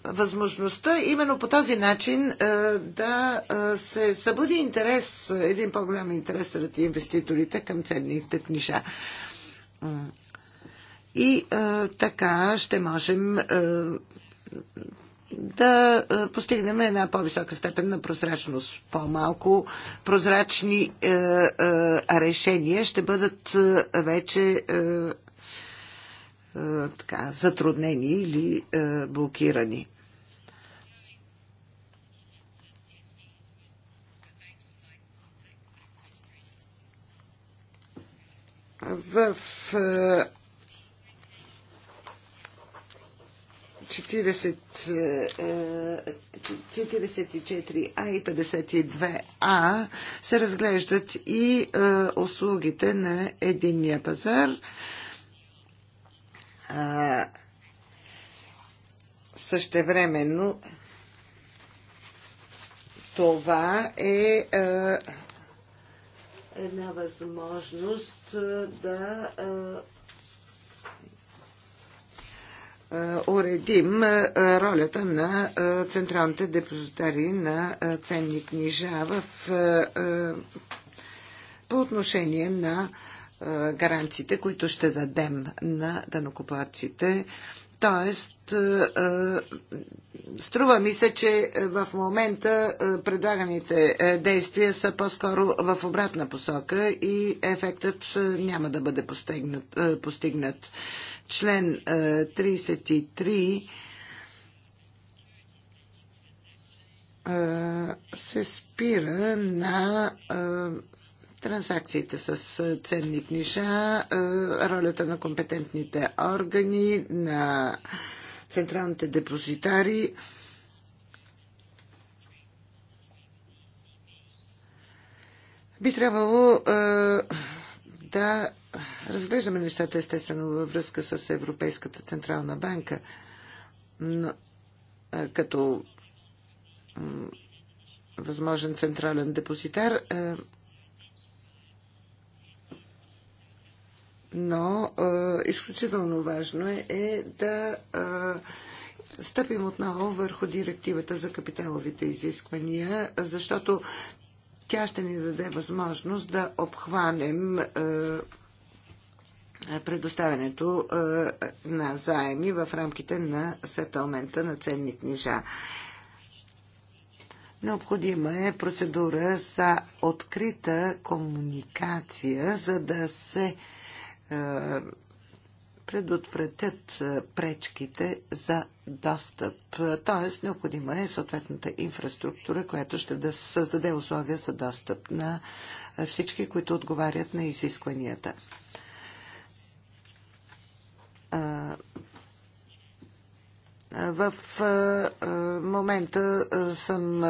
възможността именно по този начин да се събуди интерес, един по-голям интерес сред инвеститорите към ценните книжа. И така ще можем да постигнем една по-висока степен на прозрачност. По-малко прозрачни решения ще бъдат вече е, така, затруднени или е, блокирани. В 44А е, и 52А се разглеждат и услугите на единния пазар. А, същевременно това е а, една възможност да а, уредим ролята на централните депозитари на ценни книжа в, по отношение на е, гаранциите, които ще дадем на данокоплаците. Тоест, е, е, струва ми се, че в момента предлаганите действия са по-скоро в обратна посока и ефектът няма да бъде постигнат. Член 33 се спира на транзакциите с ценни книжа, ролята на компетентните органи, на централните депозитари. Би трябвало да разглеждаме нещата естествено във връзка с Европейската централна банка, но, като възможен централен депозитар. но а, изключително важно е, е да а, стъпим отново върху директивата за капиталовите изисквания, защото тя ще ни даде възможност да обхванем а, предоставянето а, на заеми в рамките на сетълмента на ценни книжа. Необходима е процедура за открита комуникация, за да се а, е, предотвратят е, пречките за достъп. Тоест, необходима е съответната инфраструктура, която ще да създаде условия за достъп на е, всички, които отговарят на изискванията. В момента съм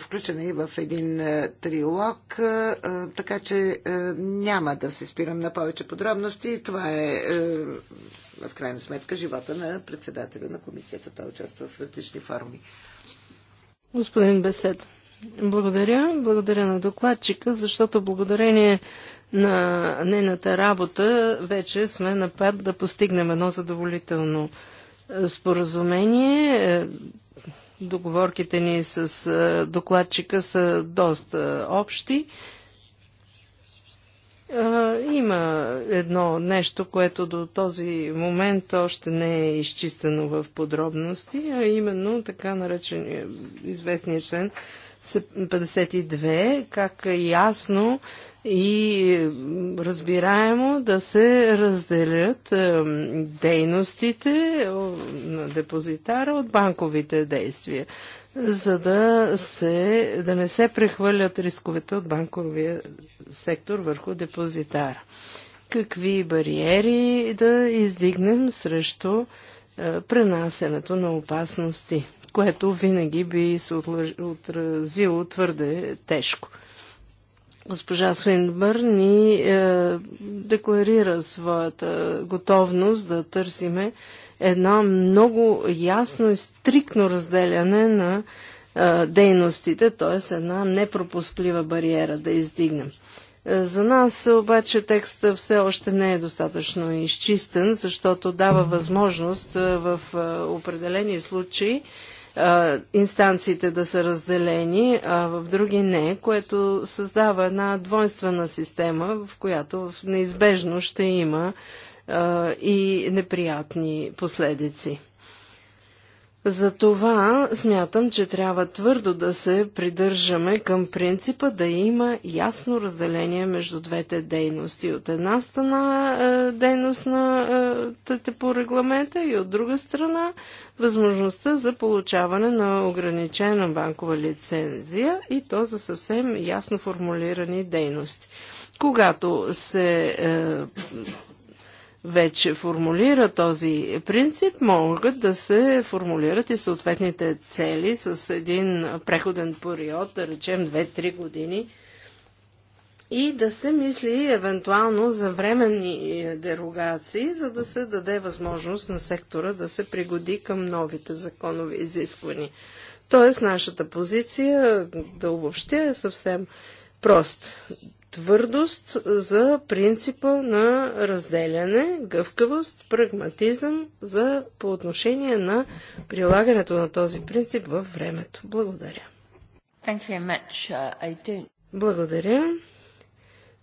включена и в един триолог, така че няма да се спирам на повече подробности. Това е в крайна сметка живота на председателя на комисията. Той участва в различни форми. Господин Бесед, благодаря. Благодаря на докладчика, защото благодарение на нейната работа вече сме на път да постигнем едно задоволително споразумение. Е, договорките ни с е, докладчика са доста общи. Е, има едно нещо, което до този момент още не е изчистено в подробности, а именно така наречен известния член 52, как ясно и разбираемо да се разделят дейностите на депозитара от банковите действия, за да, се, да не се прехвърлят рисковете от банковия сектор върху депозитара. Какви бариери да издигнем срещу е, пренасенето на опасности, което винаги би се отразило твърде тежко. Госпожа Свинбърн ни е, декларира своята готовност да търсиме едно много ясно и стриктно разделяне на е, дейностите, т.е. една непропустлива бариера да издигнем. Е, за нас обаче текстът все още не е достатъчно изчистен, защото дава възможност е, в е, определени случаи инстанциите да са разделени, а в други не, което създава една двойствена система, в която неизбежно ще има и неприятни последици. Затова смятам, че трябва твърдо да се придържаме към принципа да има ясно разделение между двете дейности. От една страна е, дейност на е, по регламента и от друга страна възможността за получаване на ограничена банкова лицензия и то за съвсем ясно формулирани дейности. Когато се е, вече формулира този принцип, могат да се формулират и съответните цели с един преходен период, да речем 2-3 години, и да се мисли евентуално за временни е, дерогации, за да се даде възможност на сектора да се пригоди към новите законови изисквания. Тоест, нашата позиция, да обобщя, е съвсем прост твърдост за принципа на разделяне, гъвкавост, прагматизъм за, по отношение на прилагането на този принцип във времето. Благодаря. Uh, Благодаря.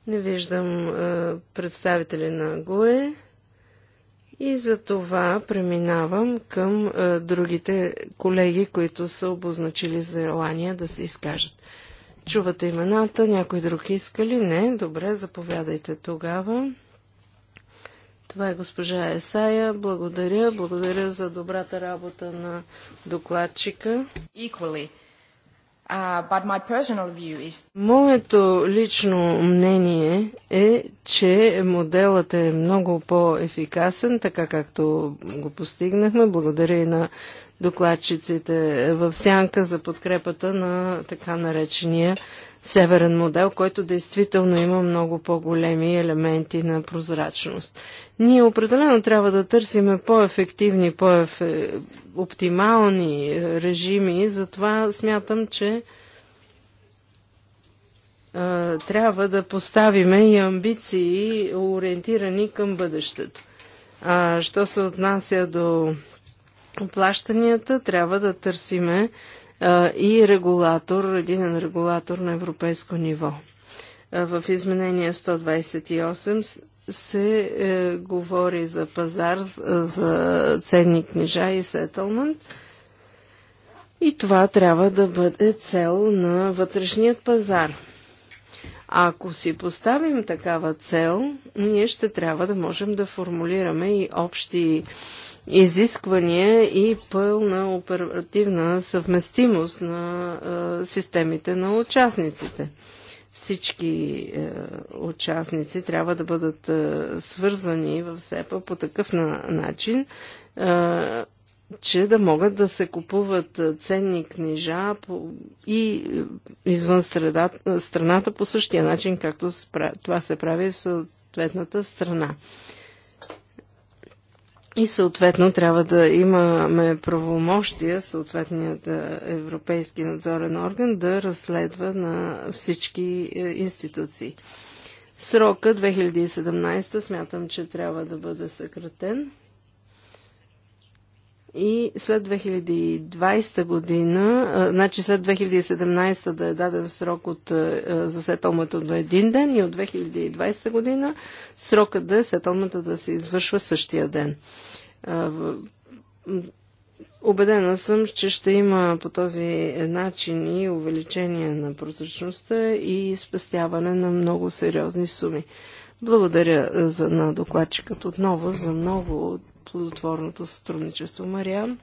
Не виждам представители на ГОЕ и за това преминавам към другите колеги, които са обозначили желание да се изкажат. Чувате имената, някой друг иска ли? Не, добре, заповядайте тогава. Това е госпожа Есая. Благодаря. Благодаря за добрата работа на докладчика. Equally. Uh, Моето лично мнение е, че моделът е много по-ефикасен, така както го постигнахме. Благодаря и на докладчиците в сянка за подкрепата на така наречения северен модел, който действително има много по-големи елементи на прозрачност. Ние определено трябва да търсиме по-ефективни, по-оптимални е, режими, затова смятам, че а, е, трябва да поставиме и амбиции, ориентирани към бъдещето. А, що се отнася до плащанията, трябва да търсиме и регулатор, един регулатор на европейско ниво. В изменение 128 се е, говори за пазар, за ценни книжа и сетълмент. И това трябва да бъде цел на вътрешният пазар. Ако си поставим такава цел, ние ще трябва да можем да формулираме и общи изисквания и пълна оперативна съвместимост на системите на участниците. Всички е, участници трябва да бъдат е, свързани в СЕПА по такъв на, начин, е, че да могат да се купуват е, ценни книжа по, и е, извън среда, страната по същия начин, както това се прави в съответната страна. И съответно трябва да имаме правомощия, съответният е, Европейски надзорен орган да разследва на всички е, институции. Срока 2017 смятам, че трябва да бъде съкратен и след 2020 година, значи след 2017 да е даден срок от, за сетълмата до един ден и от 2020 година срока да е сетълмата да се извършва същия ден. Обедена съм, че ще има по този начин и увеличение на прозрачността и спестяване на много сериозни суми. Благодаря за, на докладчикът отново за много плодотворното сътрудничество. Мариан?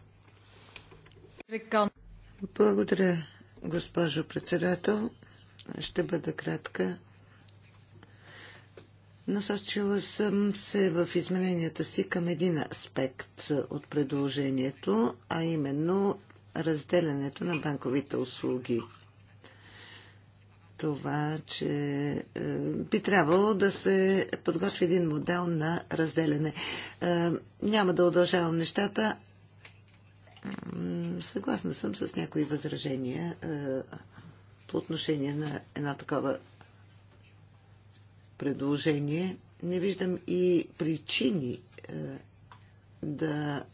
Благодаря, госпожо председател. Ще бъда кратка. Насочила съм се в измененията си към един аспект от предложението, а именно разделянето на банковите услуги това, че е, би трябвало да се подготви един модел на разделяне. Е, няма да удължавам нещата. Съгласна съм с някои възражения е, по отношение на една такова предложение. Не виждам и причини да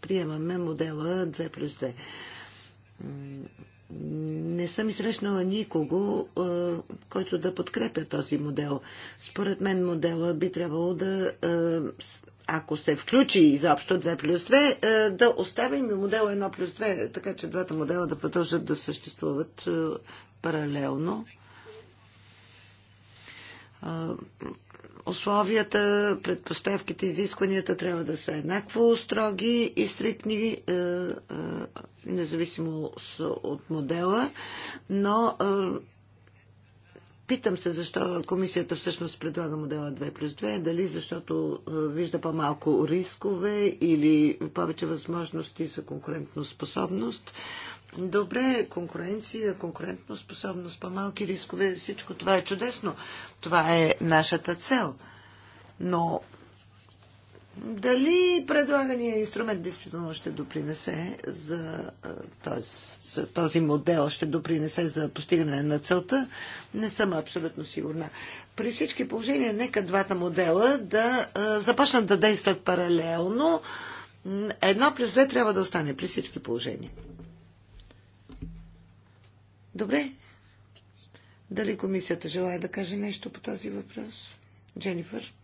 приемаме модела 2 плюс 2 не съм изрещнала никого, който да подкрепя този модел. Според мен модела би трябвало да, ако се включи изобщо 2 плюс 2, да оставим и модел 1 плюс 2, така че двата модела да продължат да съществуват паралелно условията, предпоставките, изискванията трябва да са еднакво строги и стрикни, е, е, независимо от модела, но е, Питам се защо комисията всъщност предлага модела 2 плюс 2. Дали защото вижда по-малко рискове или повече възможности за конкурентно способност. Добре, конкуренция, конкурентно способност, по-малки рискове, всичко това е чудесно. Това е нашата цел. Но дали предлагания инструмент действително ще допринесе за, тоест, за този модел, ще допринесе за постигане на целта, не съм абсолютно сигурна. При всички положения, нека двата модела да започнат да действат паралелно. Едно плюс две трябва да остане при всички положения. Добре. Дали комисията желая да каже нещо по този въпрос? Дженифър?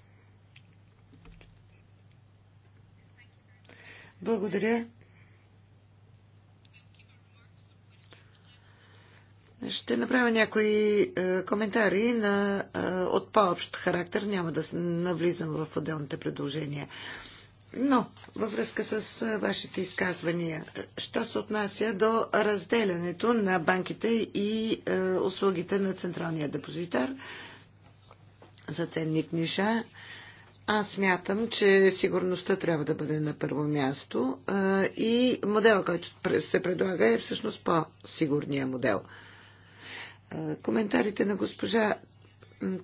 Благодаря. Ще направя някои е, коментари на, е, от по-общ характер. Няма да навлизам в отделните предложения. Е, но, във връзка с вашите изказвания, що се отнася до разделянето на банките и е, услугите на Централния депозитар за ценни книжа, аз мятам, че сигурността трябва да бъде на първо място е, и модела, който се предлага е всъщност по-сигурния модел. Е, коментарите на госпожа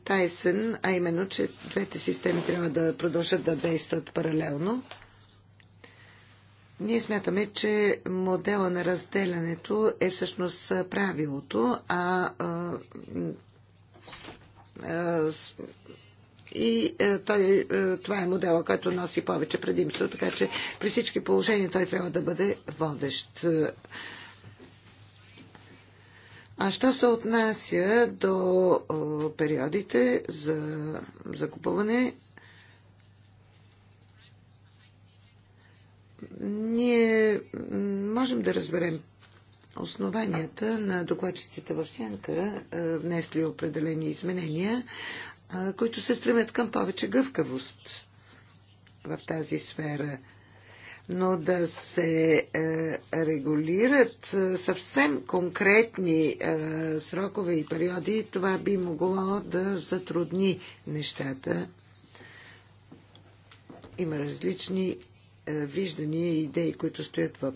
Тайсън, а именно, че двете системи трябва да продължат да действат паралелно. Ние смятаме, че модела на разделянето е всъщност правилото, а, а, а и а, е, той, а, е, това е модела, който носи повече предимство, така че при всички положения той трябва да бъде водещ. А що се отнася до периодите за закупуване, ние можем да разберем основанията на докладчиците в Сянка, внесли определени изменения, които се стремят към повече гъвкавост в тази сфера – но да се е, регулират е, съвсем конкретни е, срокове и периоди, това би могло да затрудни нещата. Има различни виждания и идеи, които стоят в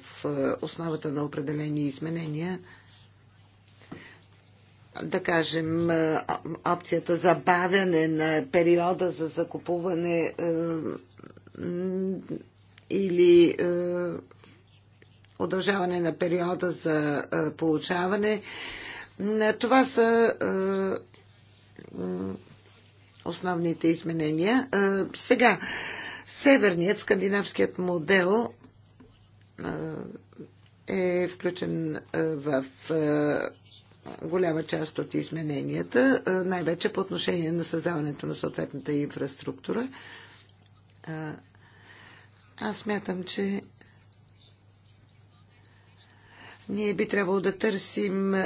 основата на определени изменения. Да кажем, опцията за бавяне на периода за закупуване или е, удължаване на периода за е, получаване. Е, това са е, основните изменения. Е, сега, северният, скандинавският модел е, е включен е, в. Е, голяма част от измененията, е, най-вече по отношение на създаването на съответната инфраструктура. Аз мятам, че ние би трябвало да търсим а,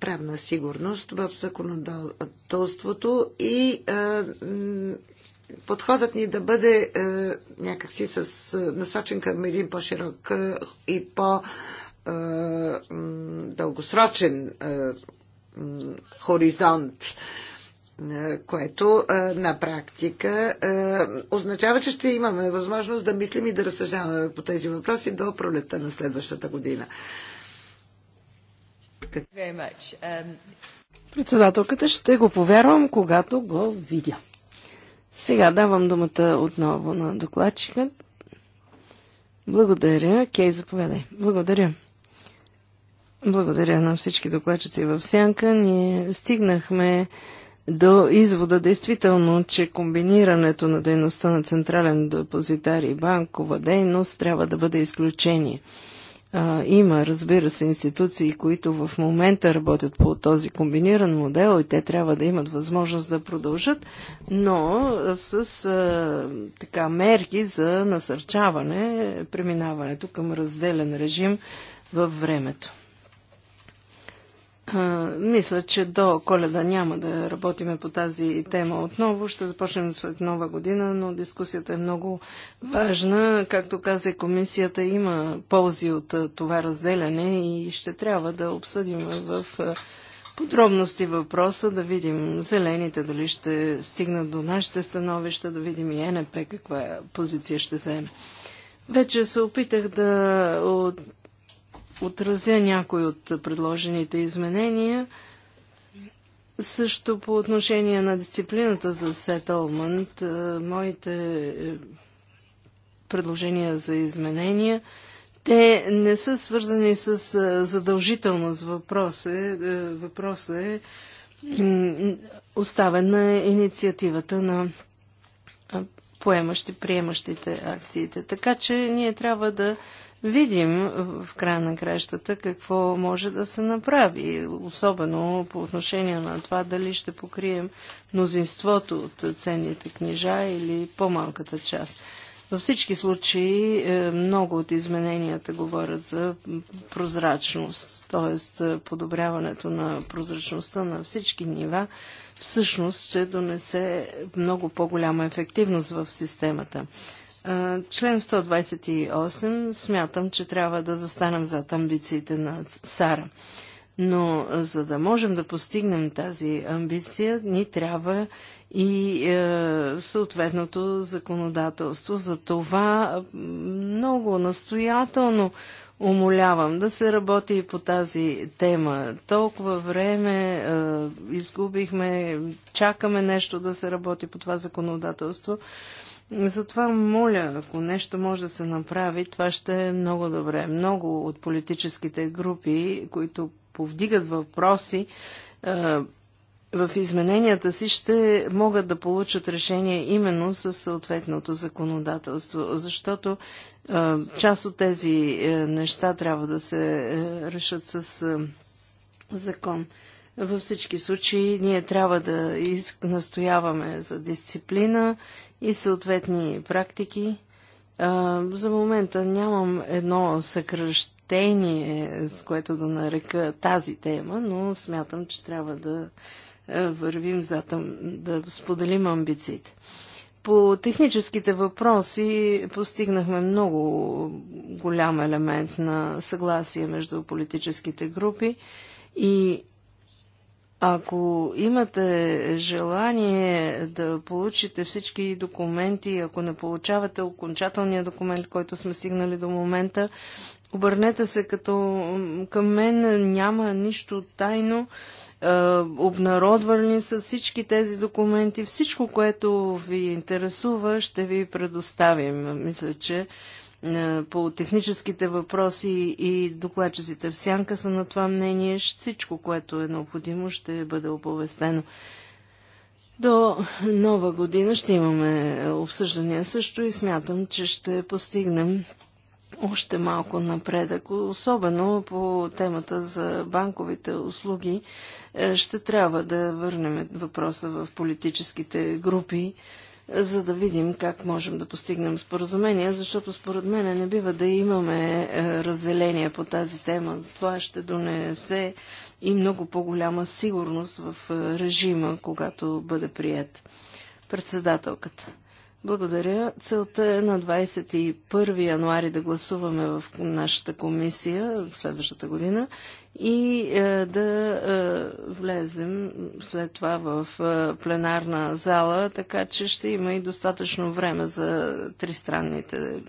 правна сигурност в законодателството и а, подходът ни да бъде а, някакси с, насочен към един по-широк и по-дългосрочен хоризонт. А, е, което е, на практика е, означава, че ще имаме възможност да мислим и да разсъждаваме по тези въпроси до пролета на следващата година. Um, Председателката ще го повярвам, когато го видя. Сега давам думата отново на докладчика. Благодаря. Кей, заповядай. Благодаря. Благодаря на всички докладчици в Сянка. Ние стигнахме до извода действително, че комбинирането на дейността на централен депозитар и банкова дейност трябва да бъде изключение. А, има, разбира се, институции, които в момента работят по този комбиниран модел и те трябва да имат възможност да продължат, но с а, така мерки за насърчаване преминаването към разделен режим във времето мисля, че до коледа няма да работиме по тази тема отново. Ще започнем след нова година, но дискусията е много важна. Както каза комисията, има ползи от това разделяне и ще трябва да обсъдим в подробности въпроса, да видим зелените, дали ще стигнат до нашите становища, да видим и НП каква позиция ще вземе. Вече се опитах да от отразя някои от предложените изменения. Също по отношение на дисциплината за сетълмент, моите е, предложения за изменения, те не са свързани с е, задължителност. Въпросът е, е, въпрос е оставен на инициативата на поемащи, приемащите акциите. Така че ние трябва да видим в края на кращата какво може да се направи, особено по отношение на това дали ще покрием мнозинството от ценните книжа или по-малката част. Във всички случаи е, много от измененията говорят за прозрачност, т.е. подобряването на прозрачността на всички нива всъщност ще донесе много по-голяма ефективност в системата. Член 128 смятам, че трябва да застанем зад амбициите на Сара. Но за да можем да постигнем тази амбиция, ни трябва и е, съответното законодателство. За това много настоятелно умолявам да се работи и по тази тема. Толкова време е, изгубихме, чакаме нещо да се работи по това законодателство. Е, затова моля, ако нещо може да се направи, това ще е много добре. Много от политическите групи, които повдигат въпроси, е, в измененията си ще могат да получат решение именно с съответното законодателство, защото е, част от тези е, неща трябва да се е, решат с е, закон. Във всички случаи ние трябва да настояваме за дисциплина и съответни практики. А, за момента нямам едно съкръщение, с което да нарека тази тема, но смятам, че трябва да вървим за там, да споделим амбициите. По техническите въпроси постигнахме много голям елемент на съгласие между политическите групи и ако имате желание да получите всички документи, ако не получавате окончателния документ, който сме стигнали до момента, обърнете се като към мен няма нищо тайно. Е, обнародвани са всички тези документи. Всичко, което ви интересува, ще ви предоставим. Мисля, че е, по техническите въпроси и докладчиците в сянка са на това мнение. Всичко, което е необходимо, ще бъде оповестено. До нова година ще имаме обсъждания също и смятам, че ще постигнем още малко напредък, особено по темата за банковите услуги. Е, ще трябва да върнем въпроса в политическите групи за да видим как можем да постигнем споразумение, защото според мен не бива да имаме е, разделение по тази тема. Това ще донесе и много по-голяма сигурност в е, режима, когато бъде прият. Председателката. Благодаря. Целта е на 21 януари да гласуваме в нашата комисия следващата година и е, да е, влезем след това в е, пленарна зала, така че ще има и достатъчно време за тристранните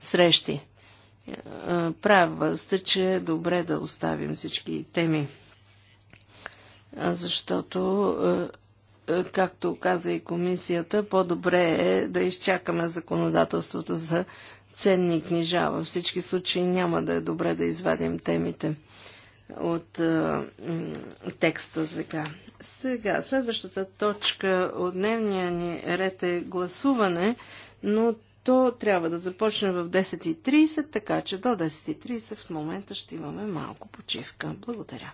срещи. Е, е, права сте, че е добре да оставим всички теми, защото, е, както каза и комисията, по-добре е да изчакаме законодателството за ценни книжа. Във всички случаи няма да е добре да извадим темите от е, текста сега. Сега, следващата точка от дневния ни ред е гласуване, но то трябва да започне в 10.30, така че до 10.30 в момента ще имаме малко почивка. Благодаря.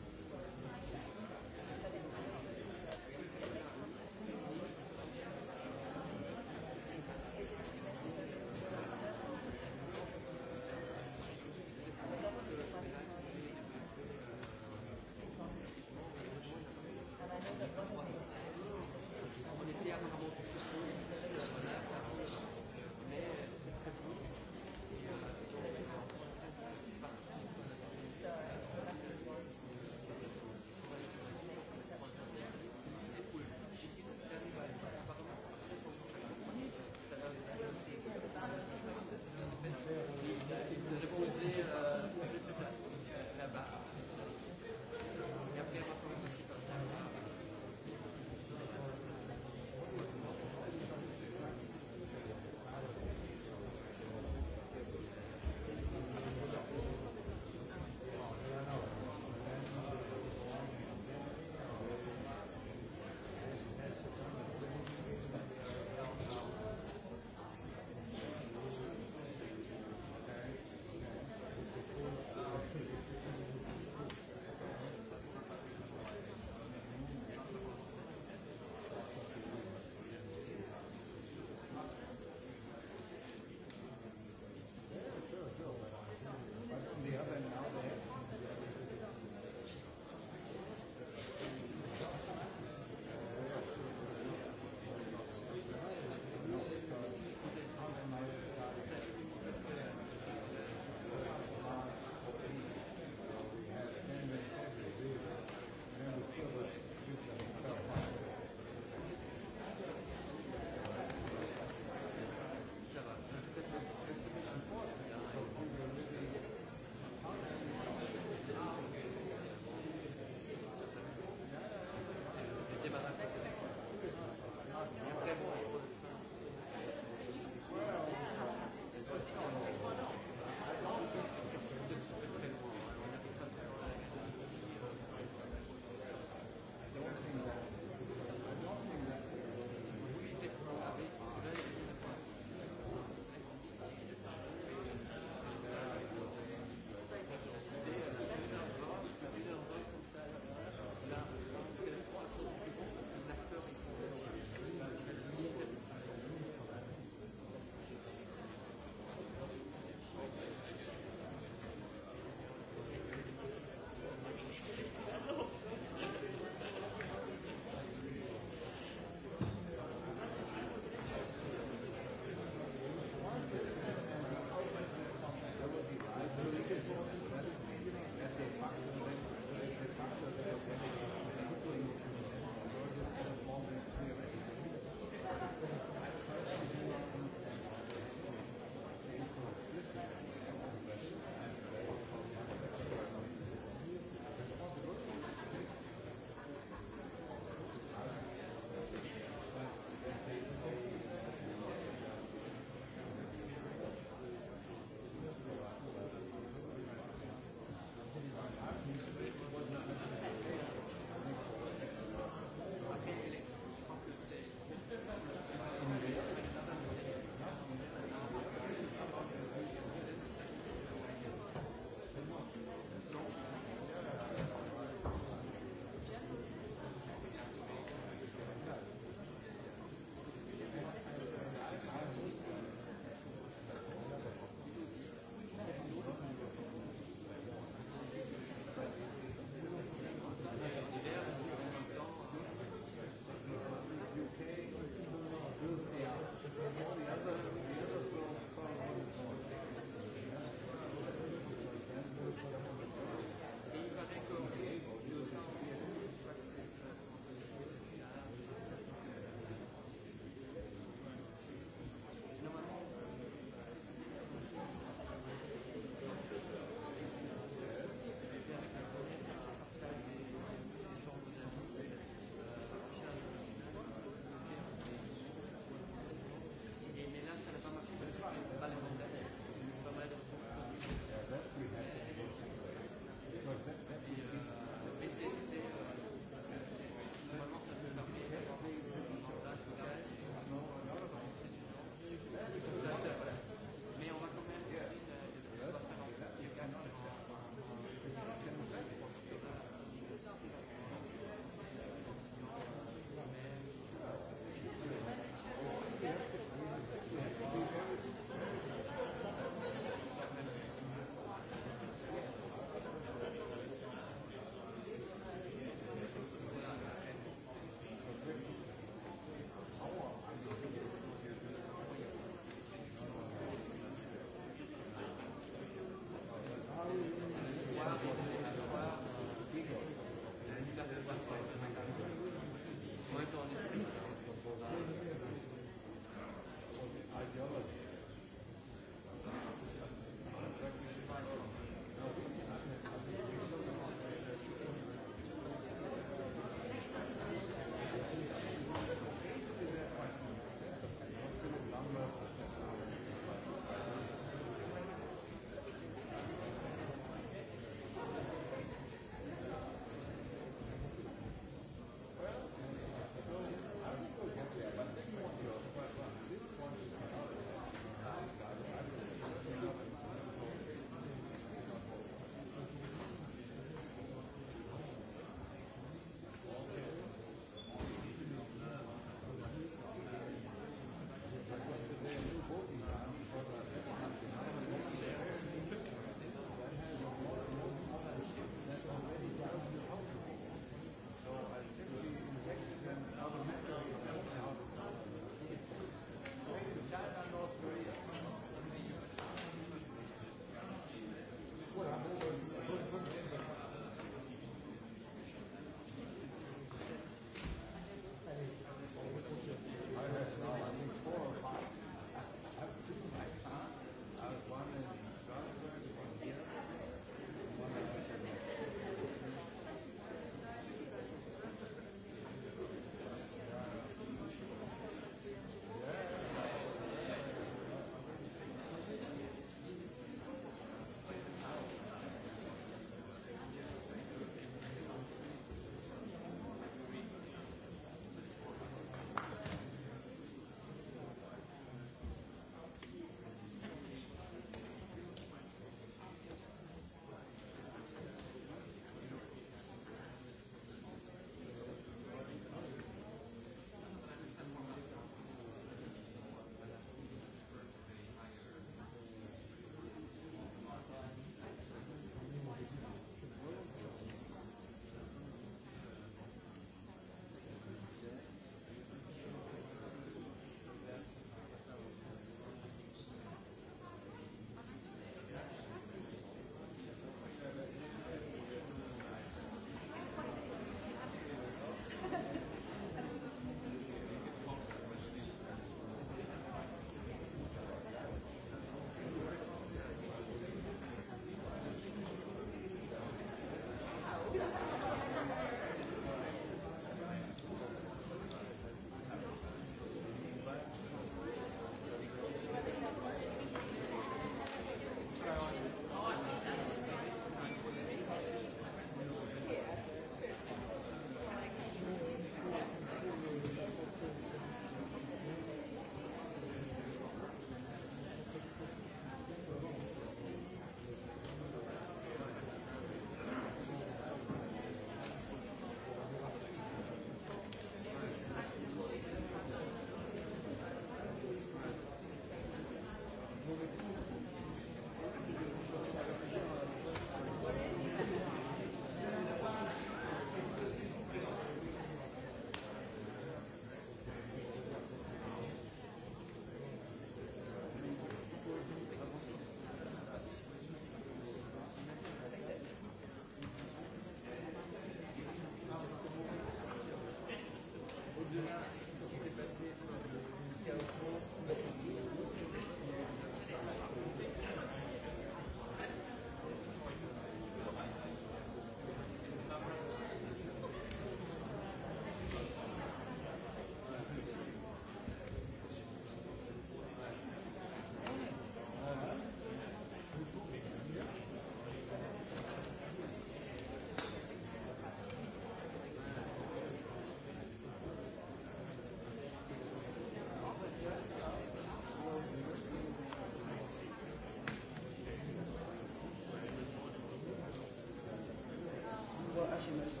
Thank you.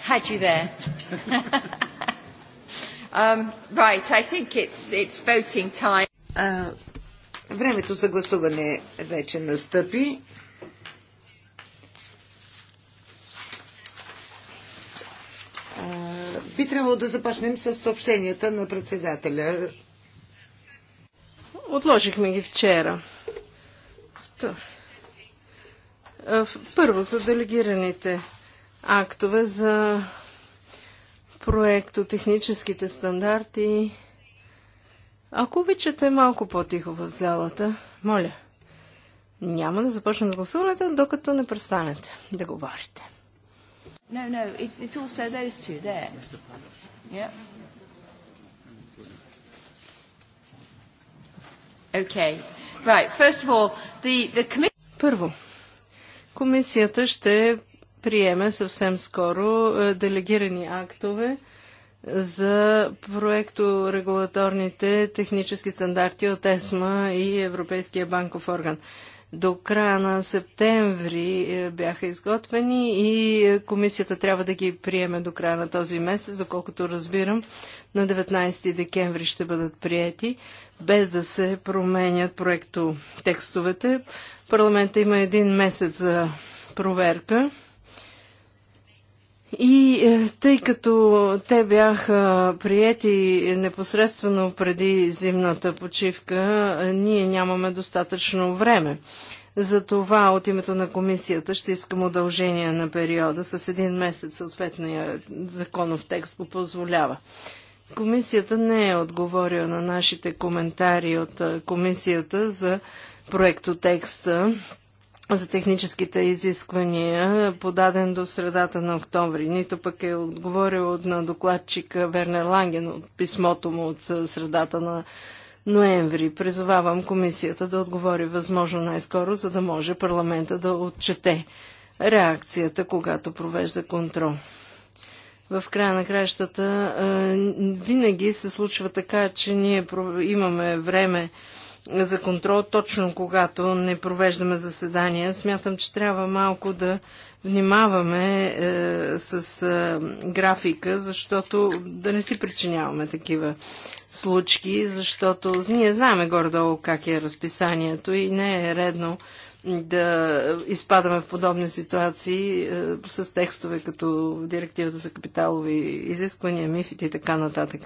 had you there. right, I think it's, voting time. времето за гласуване вече настъпи. да започнем с съобщенията на председателя. Отложихме ги вчера. Е, първо за делегираните актове за проекто техническите стандарти. Ако обичате малко по-тихо в залата, моля, няма да започнем гласуването, докато не престанете да говорите. No, no, it's, it's also those two there. Yeah. Okay. Right. First of all, the, the Първо, комисията ще приеме съвсем скоро е, делегирани актове за проекто регулаторните технически стандарти от ЕСМА и Европейския банков орган до края на септември е, бяха изготвени и е, комисията трябва да ги приеме до края на този месец, доколкото разбирам, на 19 декември ще бъдат приети, без да се променят проекто текстовете. Парламента има един месец за проверка. И е, тъй като те бяха приети непосредствено преди зимната почивка, е, ние нямаме достатъчно време. Затова от името на комисията ще искам удължение на периода с един месец. Съответния законов текст го позволява. Комисията не е отговорила на нашите коментари от е, комисията за проектотекста текста за техническите изисквания, подаден до средата на октомври. Нито пък е отговорил на докладчика Вернер Ланген от писмото му от средата на ноември. Призовавам комисията да отговори възможно най-скоро, за да може парламента да отчете реакцията, когато провежда контрол. В края на кращата винаги се случва така, че ние имаме време за контрол, точно когато не провеждаме заседания. Смятам, че трябва малко да внимаваме е, с е, графика, защото да не си причиняваме такива случки, защото ние знаем горе-долу как е разписанието и не е редно да изпадаме в подобни ситуации е, с текстове като директивата за капиталови изисквания, мифите и така нататък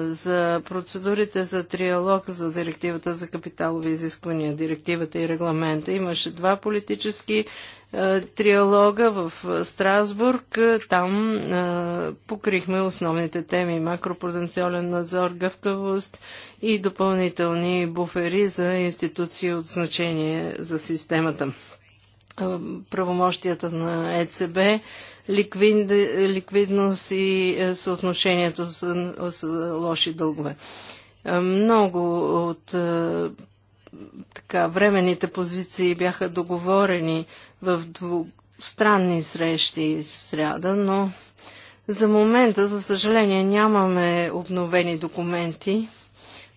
за процедурите за триалог за директивата за капиталови изисквания, директивата и регламента. Имаше два политически триалога в Страсбург. Там покрихме основните теми макропруденциален надзор, гъвкавост и допълнителни буфери за институции от значение за системата. правомощията на ЕЦБ ликвид, ликвидност и е, съотношението с, с лоши дългове. Е, много от е, така, временните позиции бяха договорени в двустранни срещи в сряда, но за момента, за съжаление, нямаме обновени документи.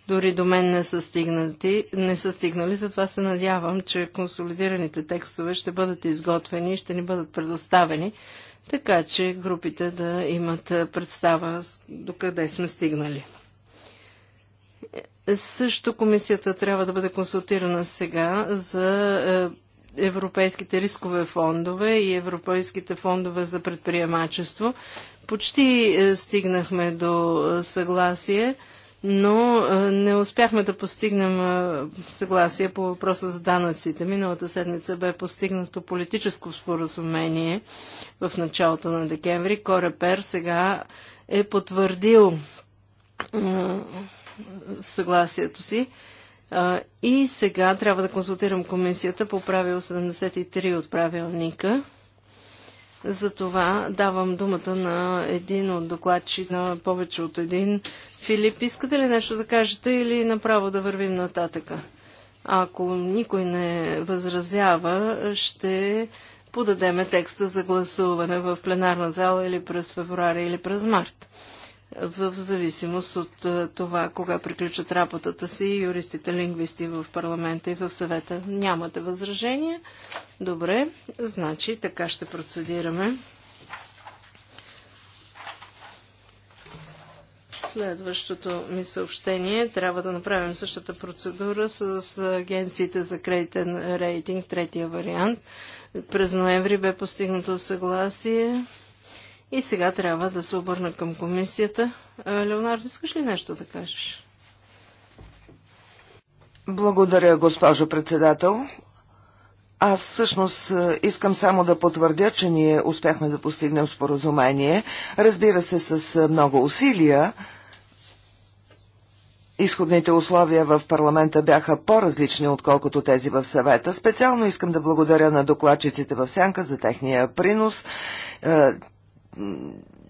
Дори до мен не са, стигнати, не са стигнали, затова се надявам, че консолидираните текстове ще бъдат изготвени и ще ни бъдат предоставени, така че групите да имат представа до къде сме стигнали. Е, също комисията трябва да бъде консултирана сега за е, европейските рискове фондове и европейските фондове за предприемачество. Почти е, стигнахме до съгласие но не успяхме да постигнем съгласие по въпроса за данъците. Миналата седмица бе постигнато политическо споразумение в началото на декември. Корепер сега е потвърдил съгласието си. И сега трябва да консултирам комисията по правило 73 от правилника. Затова давам думата на един от докладчи на повече от един. Филип, искате ли нещо да кажете или направо да вървим нататъка? Ако никой не възразява, ще подадеме текста за гласуване в пленарна зала или през февруари или през март в зависимост от е, това, кога приключат работата си юристите, лингвисти в парламента и в съвета. Нямате възражения? Добре, значи така ще процедираме. Следващото ми съобщение трябва да направим същата процедура с агенциите за кредитен рейтинг, третия вариант. През ноември бе постигнато съгласие и сега трябва да се обърна към комисията. Е, Леонард, искаш ли нещо да кажеш? Благодаря, госпожо председател. Аз всъщност е, искам само да потвърдя, че ние успяхме да постигнем споразумение. Разбира се, с е, много усилия. Изходните условия в парламента бяха по-различни, отколкото тези в съвета. Специално искам да благодаря на докладчиците в Сянка за техния принос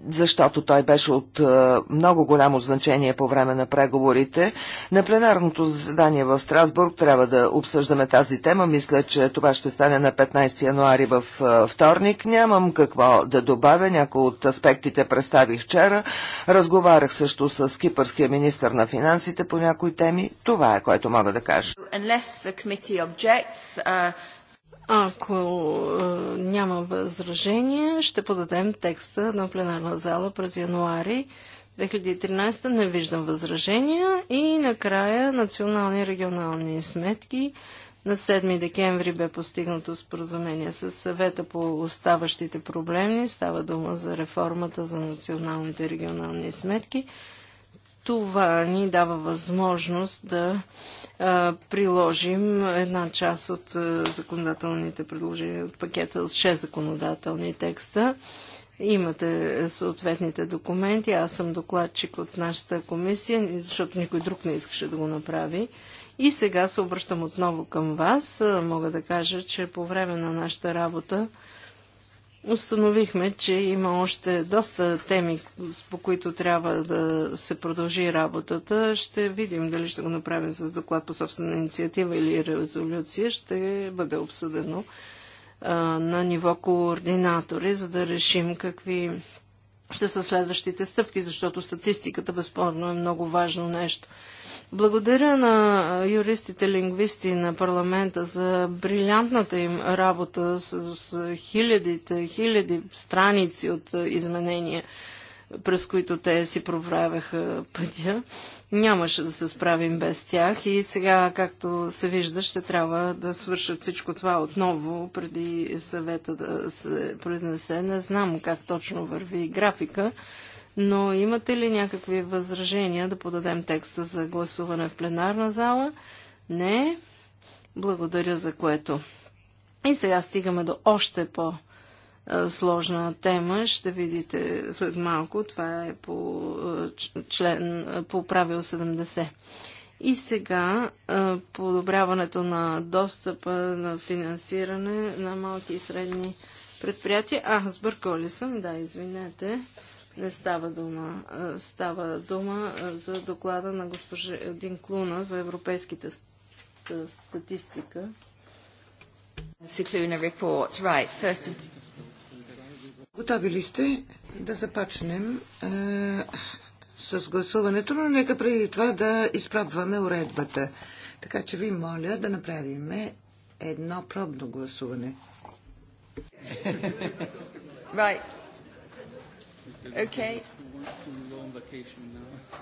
защото той беше от е, много голямо значение по време на преговорите. На пленарното заседание в Страсбург трябва да обсъждаме тази тема. Мисля, че това ще стане на 15 януари в е, вторник. Нямам какво да добавя. Някои от аспектите представих вчера. Разговарях също с кипърския министр на финансите по някои теми. Това е, което мога да кажа. Unless the committee objects, uh... Ако е, няма възражение, ще подадем текста на пленарна зала през януари 2013. Не виждам възражения. И накрая национални и регионални сметки. На 7 декември бе постигнато споразумение с съвета по оставащите проблеми. Става дума за реформата за националните и регионални сметки. Това ни дава възможност да приложим една част от законодателните предложения от пакета от 6 законодателни текста. Имате е, съответните документи. Аз съм докладчик от нашата комисия, защото никой друг не искаше да го направи. И сега се обръщам отново към вас. Мога да кажа, че по време на нашата работа установихме, че има още доста теми, по които трябва да се продължи работата. Ще видим дали ще го направим с доклад по собствена инициатива или резолюция. Ще бъде обсъдено а, на ниво координатори, за да решим какви ще са следващите стъпки, защото статистиката безспорно е много важно нещо. Благодаря на юристите, лингвисти на парламента за брилянтната им работа с, хилядите, хиляди страници от изменения, през които те си проправяха пътя. Нямаше да се справим без тях и сега, както се вижда, ще трябва да свършат всичко това отново, преди съвета да се произнесе. Не знам как точно върви графика но имате ли някакви възражения да подадем текста за гласуване в пленарна зала? Не. Благодаря за което. И сега стигаме до още по- сложна тема. Ще видите след малко. Това е по, е, член, е, по правил 70. И сега е, подобряването на достъпа на финансиране на малки и средни предприятия. А, сбъркали съм, да, извинете. Не става дума. Става дума за доклада на госпожа Дин Клуна за европейските статистика. Готови ли сте да започнем е, с гласуването, но нека преди това да изпробваме уредбата. Така че ви моля да направим едно пробно гласуване. right. Okay.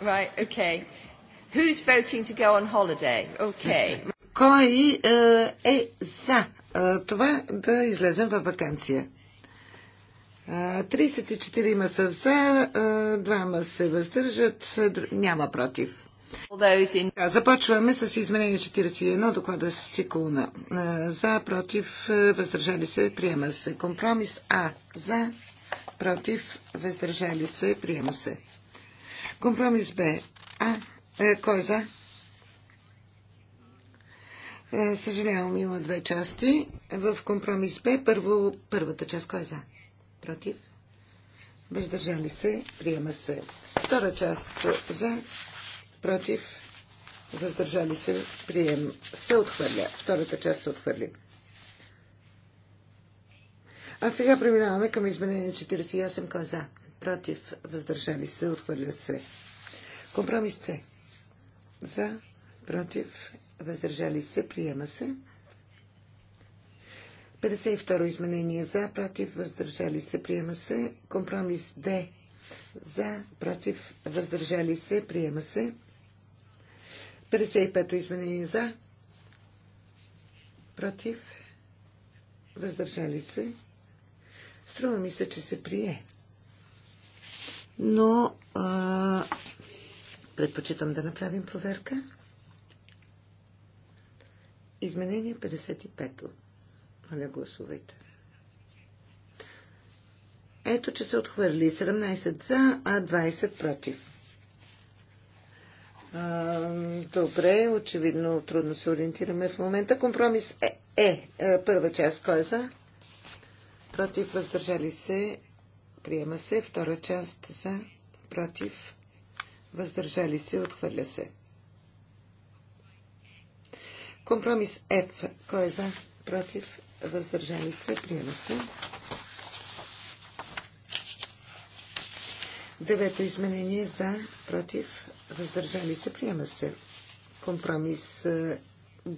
Right, okay. Who's voting to go on holiday? Okay. Кой е, е за е, това да излезем във вакансия? 34 е, има са за, е, двама се въздържат, е, няма против. Започваме с изменение 41, доклада с Сикулна. За, против, въздържали се, приема се. Компромис А. За, против, въздържали се, приема се. Компромис Б. А, е, кой е за? Е, съжалявам, има две части. В компромис Б първо, първата част кой е за? Против? Въздържали се, приема се. Втора част за, против, въздържали се, прием се отхвърля. Втората част се отхвърля. А сега преминаваме към изменение 48. Кой е за? Против. Въздържали се. Отхвърля се. Компромис С. За. Против. Въздържали се. Приема се. 52 изменение за, против, въздържали се, приема се. Компромис Д за, против, въздържали се, приема се. 55 изменение за, против, въздържали се. Струва ми се, че се прие. Но а, предпочитам да направим проверка. Изменение 55-то. Моля, гласувайте. Ето, че се отхвърли 17 за, а 20 против. А, добре, очевидно трудно се ориентираме в момента. Компромис е, е, е първа част. Кой е за? против, въздържали се, приема се. Втора част за, против, въздържали се, отхвърля се. Компромис F. Кой е за? Против? Въздържали се? Приема се. Девето изменение за, против, въздържали се, приема се. Компромис е,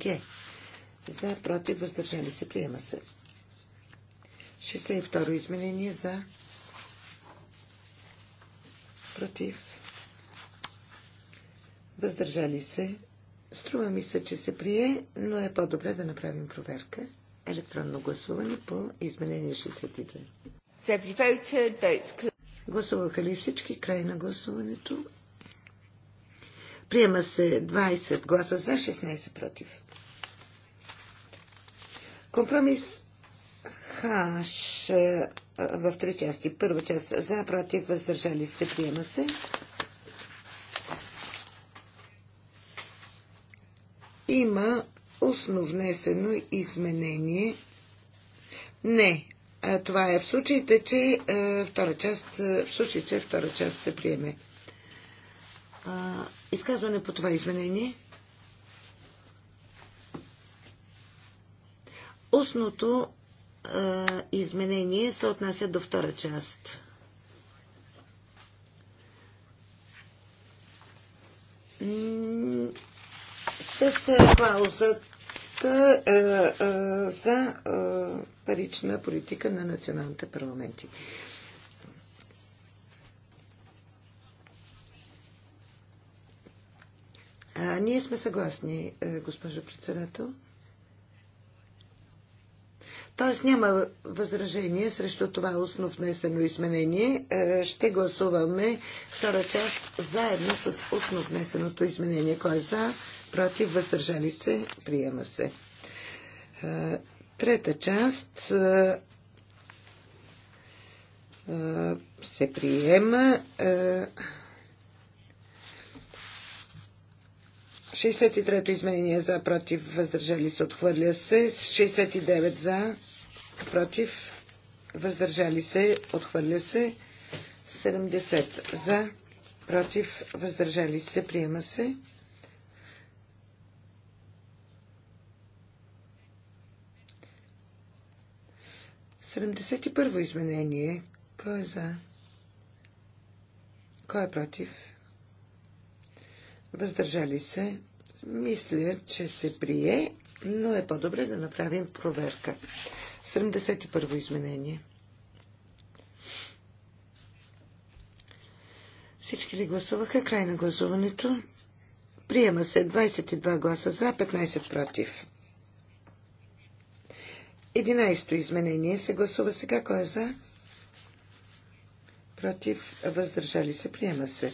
Г. За, против, въздържали се, приема се. 62 изменение за против въздържали се. Струва ми се, че се прие, но е по-добре да направим проверка. Електронно гласуване по изменение 62. Гласуваха ли всички? Край на гласуването. Приема се 20 гласа за, 16 против. Компромис Хаш в три части. Първа част за, против, въздържали се, приема се. Има основнесено изменение. Не, това е в случаите, че втора част, в случай, че втора част се приеме. Изказване по това изменение. Устното изменение се отнася до втора част. С клаузата за парична политика на националните парламенти. А, ние сме съгласни, госпожо председател. Т.е. няма възражение срещу това устно внесено изменение. Е, ще гласуваме втора част заедно с устно внесеното изменение. Кой е за, против, въздържали се, приема се. Е, трета част е, се приема. 63-то изменение за против въздържали се отхвърля се. 69 за против въздържали се отхвърля се. 70 за против въздържали се приема се. Седемдесет и първо изменение. Кой е за? Кой е против? въздържали се. Мисля, че се прие, но е по-добре да направим проверка. 71 изменение. Всички ли гласуваха? Край на гласуването. Приема се 22 гласа за, 15 против. 11-то изменение се гласува сега. Кой е за? Против, въздържали се, приема се.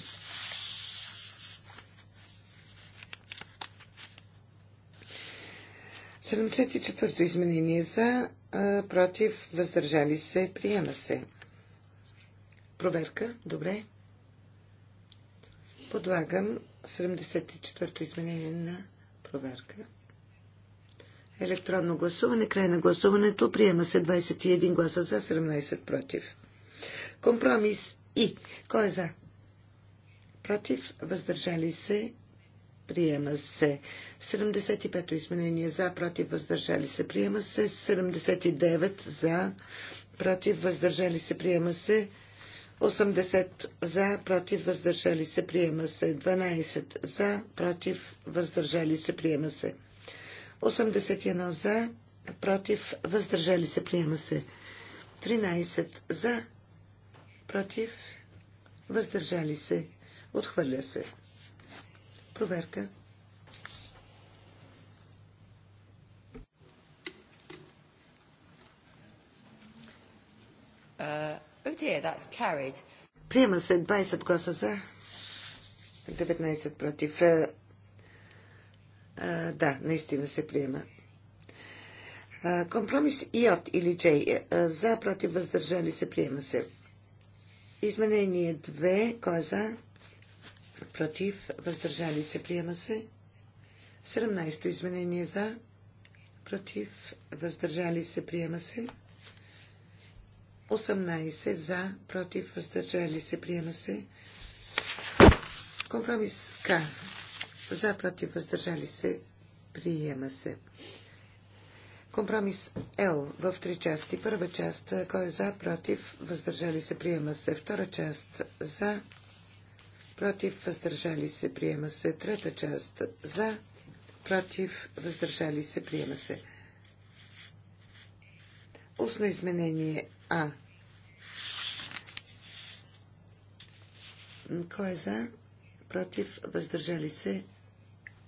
74-то изменение за, против, въздържали се, приема се. Проверка, добре. Подлагам 74-то изменение на проверка. Електронно гласуване, край на гласуването, приема се 21 гласа за, 17 против. Компромис И. Кой е за? Против, въздържали се, Приема се 75-то изменение за, против, въздържали се. Приема се 79 за, против, въздържали се. Приема се 80 за, против, въздържали се. Приема се 12 за, против, въздържали се. Приема се 81 за, против, въздържали се. Приема се 13 за, против, въздържали се. Отхвърля се. Проверка. Uh, oh dear, that's carried. Приема се 20 гласа за, 19 против. А, е, а, е, да, наистина се приема. Е, компромис компромис ИОТ или J. За, против, въздържали се, приема се. Изменение 2. Кой е за? против, въздържали се, приема се. 17-то изменение за, против, въздържали се, приема се. 18 за, против, въздържали се, приема се. Компромис К. За, против, въздържали се, приема се. Компромис Л в три части. Първа част, кой е за, против, въздържали се, приема се. Втора част, за, против, въздържали се, приема се. Трета част за, против, въздържали се, приема се. Устно изменение А. Кой е за? Против, въздържали се,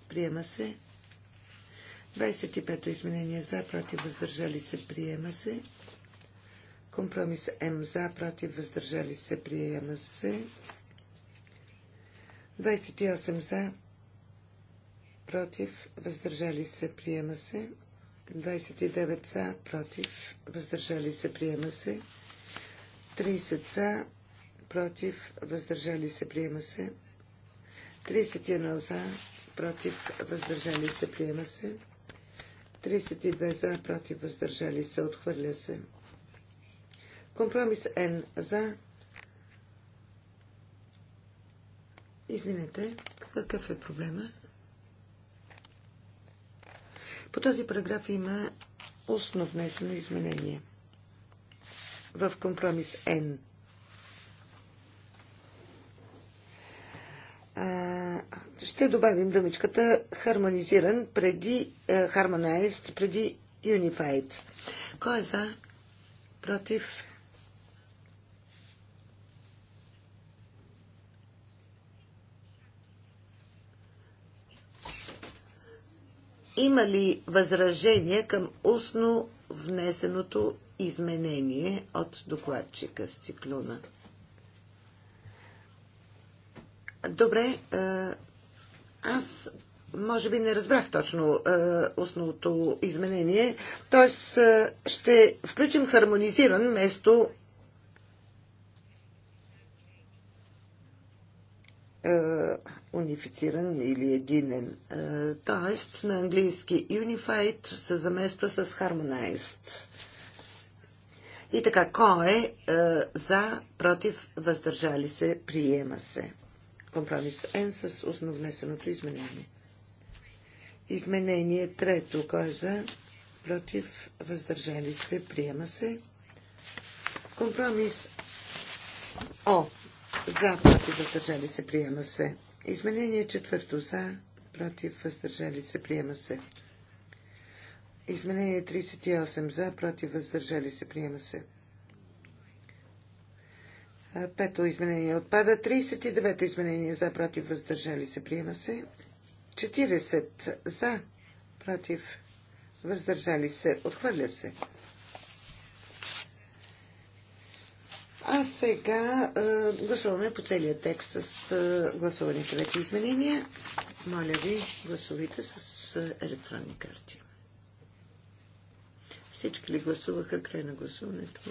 приема се. 25-то изменение за, против, въздържали се, приема се. Компромис М за, против, въздържали се, приема се. 28 за, против, въздържали се, приема се. 29 за, против, въздържали се, приема се. 30 за, против, въздържали се, приема се. 31 за, против, въздържали се, приема се. 32 за, против, въздържали се, отхвърля се. Компромис Н за, Извинете, какъв е проблема? По този параграф има устно внесено изменение в компромис Н. ще добавим думичката хармонизиран преди е, harmonized, преди unified. Кой е за? Против? Има ли възражение към устно внесеното изменение от докладчика Стиклюна? Добре, аз може би не разбрах точно устното изменение. Т.е. ще включим хармонизиран место. е, унифициран или единен. Тоест на английски unified се замества с harmonized. И така, кой е за, против, въздържали се, приема се. Компромис N с основнесеното изменение. Изменение трето, кой е за, против, въздържали се, приема се. Компромис О. За, против, въздържали се, приема се. Изменение четвърто за, против, въздържали се, приема се. Изменение 38 за, против, въздържали се, приема се. Пето изменение отпада. 39-то изменение за, против, въздържали се, приема се. 40 за, против, въздържали се, отхвърля се. А сега а, гласуваме по целия текст с а, гласуваните вече изменения. Моля ви, гласувайте с а, електронни карти. Всички ли гласуваха край на гласуването?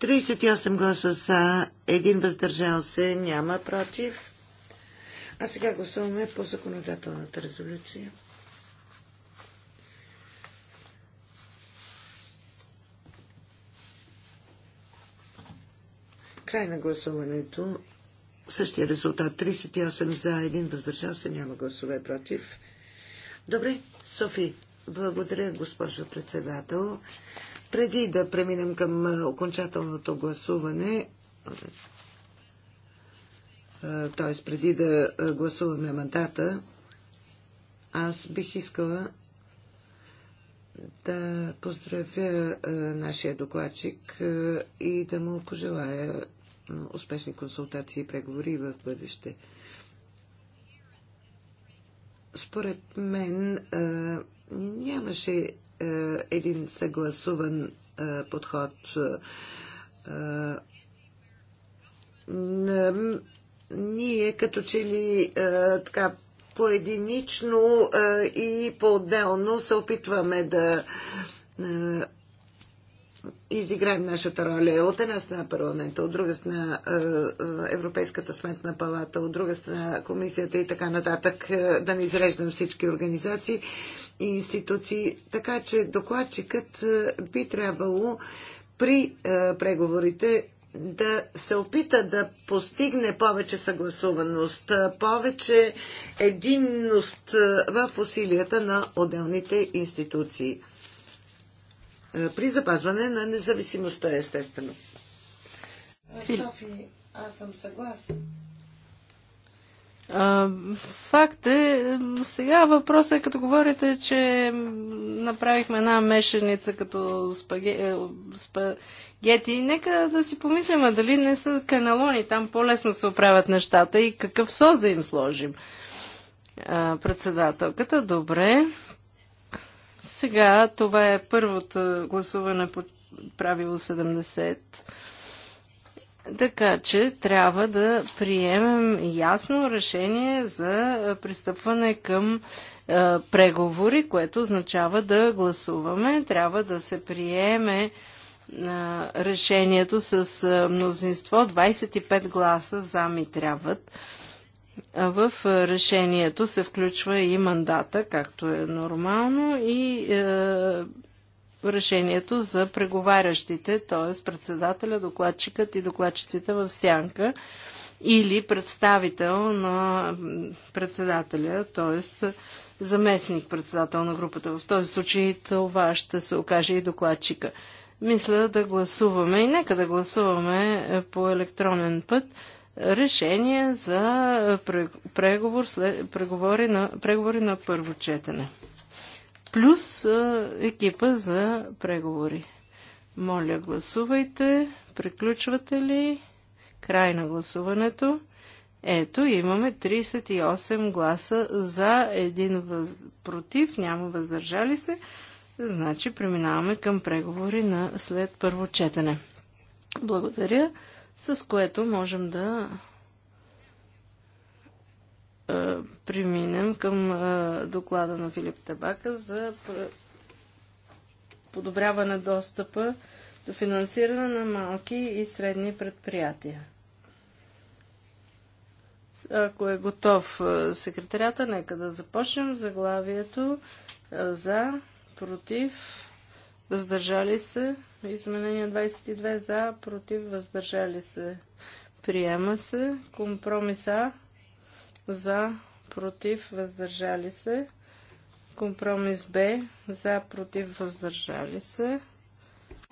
38 гласа са, един въздържал се, няма против. А сега гласуваме по законодателната резолюция. Край на гласуването. Същия резултат. 38 за, 1 въздържал се, няма гласове против. Добре, Софи, благодаря, госпожо председател. Преди да преминем към окончателното гласуване, т.е. преди да гласуваме мандата, аз бих искала да поздравя нашия докладчик и да му пожелая успешни консултации и преговори в бъдеще. Според мен нямаше един съгласуван подход. Ние като че ли така поединично и по-отделно се опитваме да изиграем нашата роля. От една страна парламента, от друга страна е, е, Европейската сметна палата, от друга страна комисията и така нататък, е, да не изреждам всички организации и институции. Така че докладчикът би трябвало при преговорите да се опита да постигне повече съгласуваност, повече единност в усилията на отделните институции. Е, при запазване на независимостта, естествено. Е, Софи, аз съм съгласен. Факт е, сега въпросът е като говорите, че направихме една мешеница като спаге... Е, спагети. Нека да си помислим, а дали не са каналони, там по-лесно се оправят нещата и какъв сос да им сложим. А, председателката, добре. Сега това е първото гласуване по правило 70. Така че трябва да приемем ясно решение за пристъпване към е, преговори, което означава да гласуваме. Трябва да се приеме е, решението с е, мнозинство. 25 гласа за ми трябват. В решението се включва и мандата, както е нормално, и е, решението за преговарящите, т.е. председателя, докладчикът и докладчиците в сянка или представител на председателя, т.е. заместник председател на групата. В този случай това ще се окаже и докладчика. Мисля да гласуваме и нека да гласуваме е, по електронен път решение за преговор, след, преговори, на, преговори на първо четене. Плюс екипа за преговори. Моля, гласувайте. Приключвате ли? Край на гласуването. Ето, имаме 38 гласа за, един въз... против, няма въздържали се. Значи преминаваме към преговори на след първо четене. Благодаря с което можем да преминем към доклада на Филип Табака за подобряване достъпа до финансиране на малки и средни предприятия. Ако е готов секретарята, нека да започнем заглавието за, против, въздържали се. Изменение 22 за, против, въздържали се. Приема се. Компромиса за, против, въздържали се. Компромис Б за, против, въздържали се.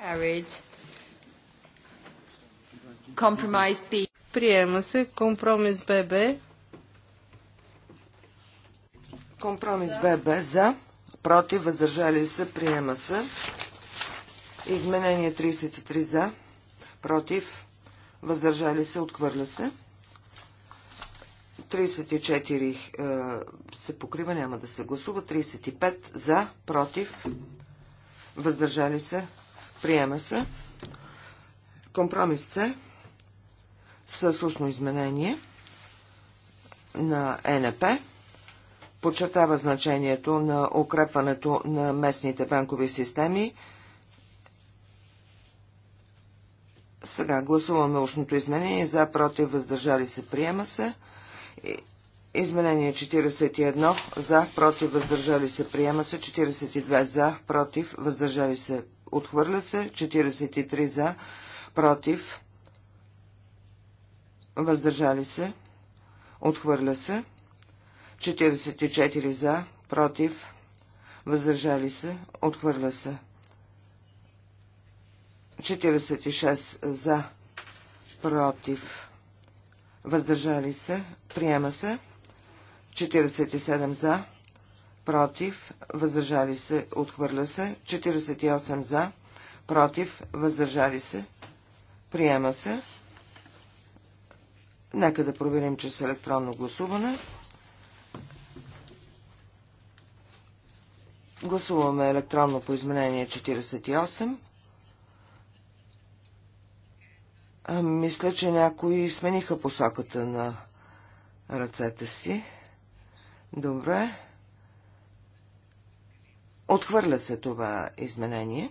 Carried. Compromise B. Приема се. Компромис ББ. Компромис ББ за, против, въздържали се, приема се. Изменение 33 за, против, въздържали се, отхвърля се. 34 е, се покрива, няма да се гласува. 35 за, против, въздържали се, приема се. Компромис С с устно изменение на НП подчертава значението на укрепването на местните банкови системи Сега гласуваме устното изменение. За, против, въздържали се, приема се. Изменение 41. За, против, въздържали се, приема се. 42. За, против, въздържали се, отхвърля се. 43. За, против, въздържали се, отхвърля се. 44. За, против, въздържали се, отхвърля се. 46 за, против, въздържали се, приема се. 47 за, против, въздържали се, отхвърля се. 48 за, против, въздържали се, приема се. Нека да проверим, че с електронно гласуване. Гласуваме електронно по изменение 48. А, мисля, че някои смениха посоката на ръцете си. Добре. Отхвърля се това изменение.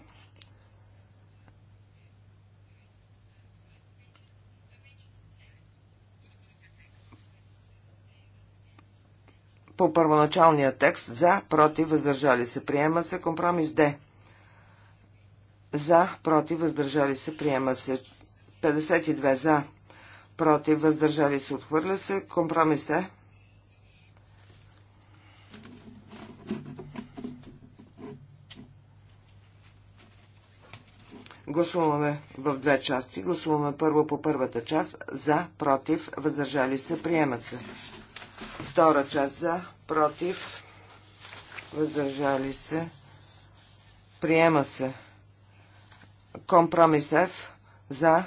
По първоначалния текст за, против, въздържали се, приема се компромис Д. За, против, въздържали се, приема се 52 за, против, въздържали се, отхвърля се. Компромис е. Гласуваме в две части. Гласуваме първо по първата част. За, против, въздържали се, приема се. Втора част за, против, въздържали се, приема се. Компромис F за,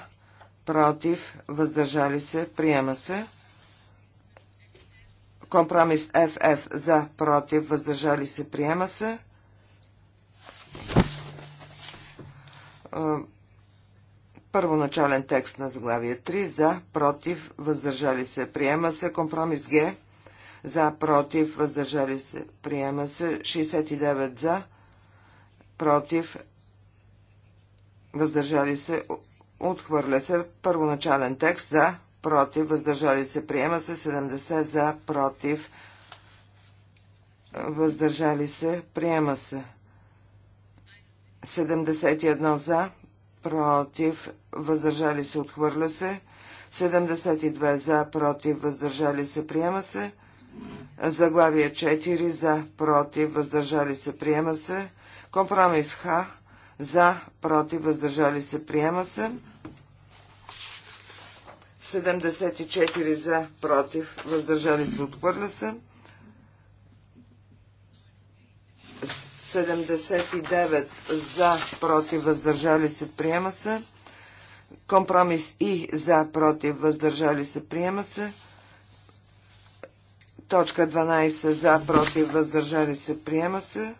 против, въздържали се, приема се. Компромис ФФ за, против, въздържали се, приема се. Първоначален текст на заглавие 3 за, против, въздържали се, приема се. Компромис Г за, против, въздържали се, приема се. 69 за, против, въздържали се, Отхвърля се първоначален текст за, против, въздържали се, приема се 70 за, против, въздържали се, приема се 71 за, против, въздържали се, отхвърля се 72 за, против, въздържали се, приема се заглавие 4 за, против, въздържали се, приема се компромис Х за, против, въздържали се, приема се. 74 за, против, въздържали се, отхвърля се. 79 за, против, въздържали се, приема се. Компромис и за, против, въздържали се, приема се. Точка 12 за, против, въздържали се, приема се.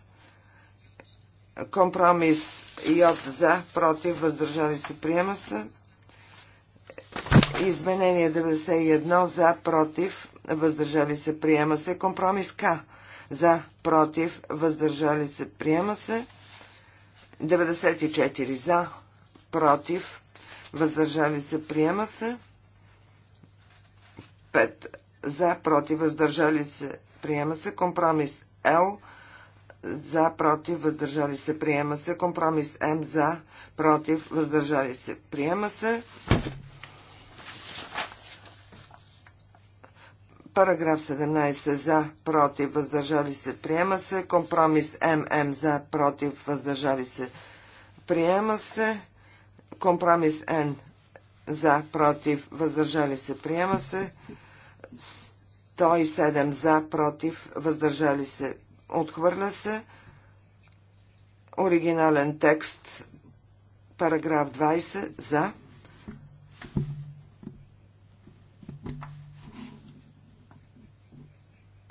Компромис от за, против, въздържали се, приема се. Изменение 91 за, против, въздържали се, приема се. Компромис К за, против, въздържали се, приема се. 94 за, против, въздържали се, приема се. 5 за, против, въздържали се, приема се. Компромис Л за, против, въздържали се, приема се. Компромис М за, против, въздържали се, приема се. Параграф 17 за, против, въздържали се, приема се. Компромис ММ за, против, въздържали се, приема се. Компромис Н за, против, въздържали се, приема се. 107 за, против, въздържали се, Отхвърля се. Оригинален текст. Параграф 20. За.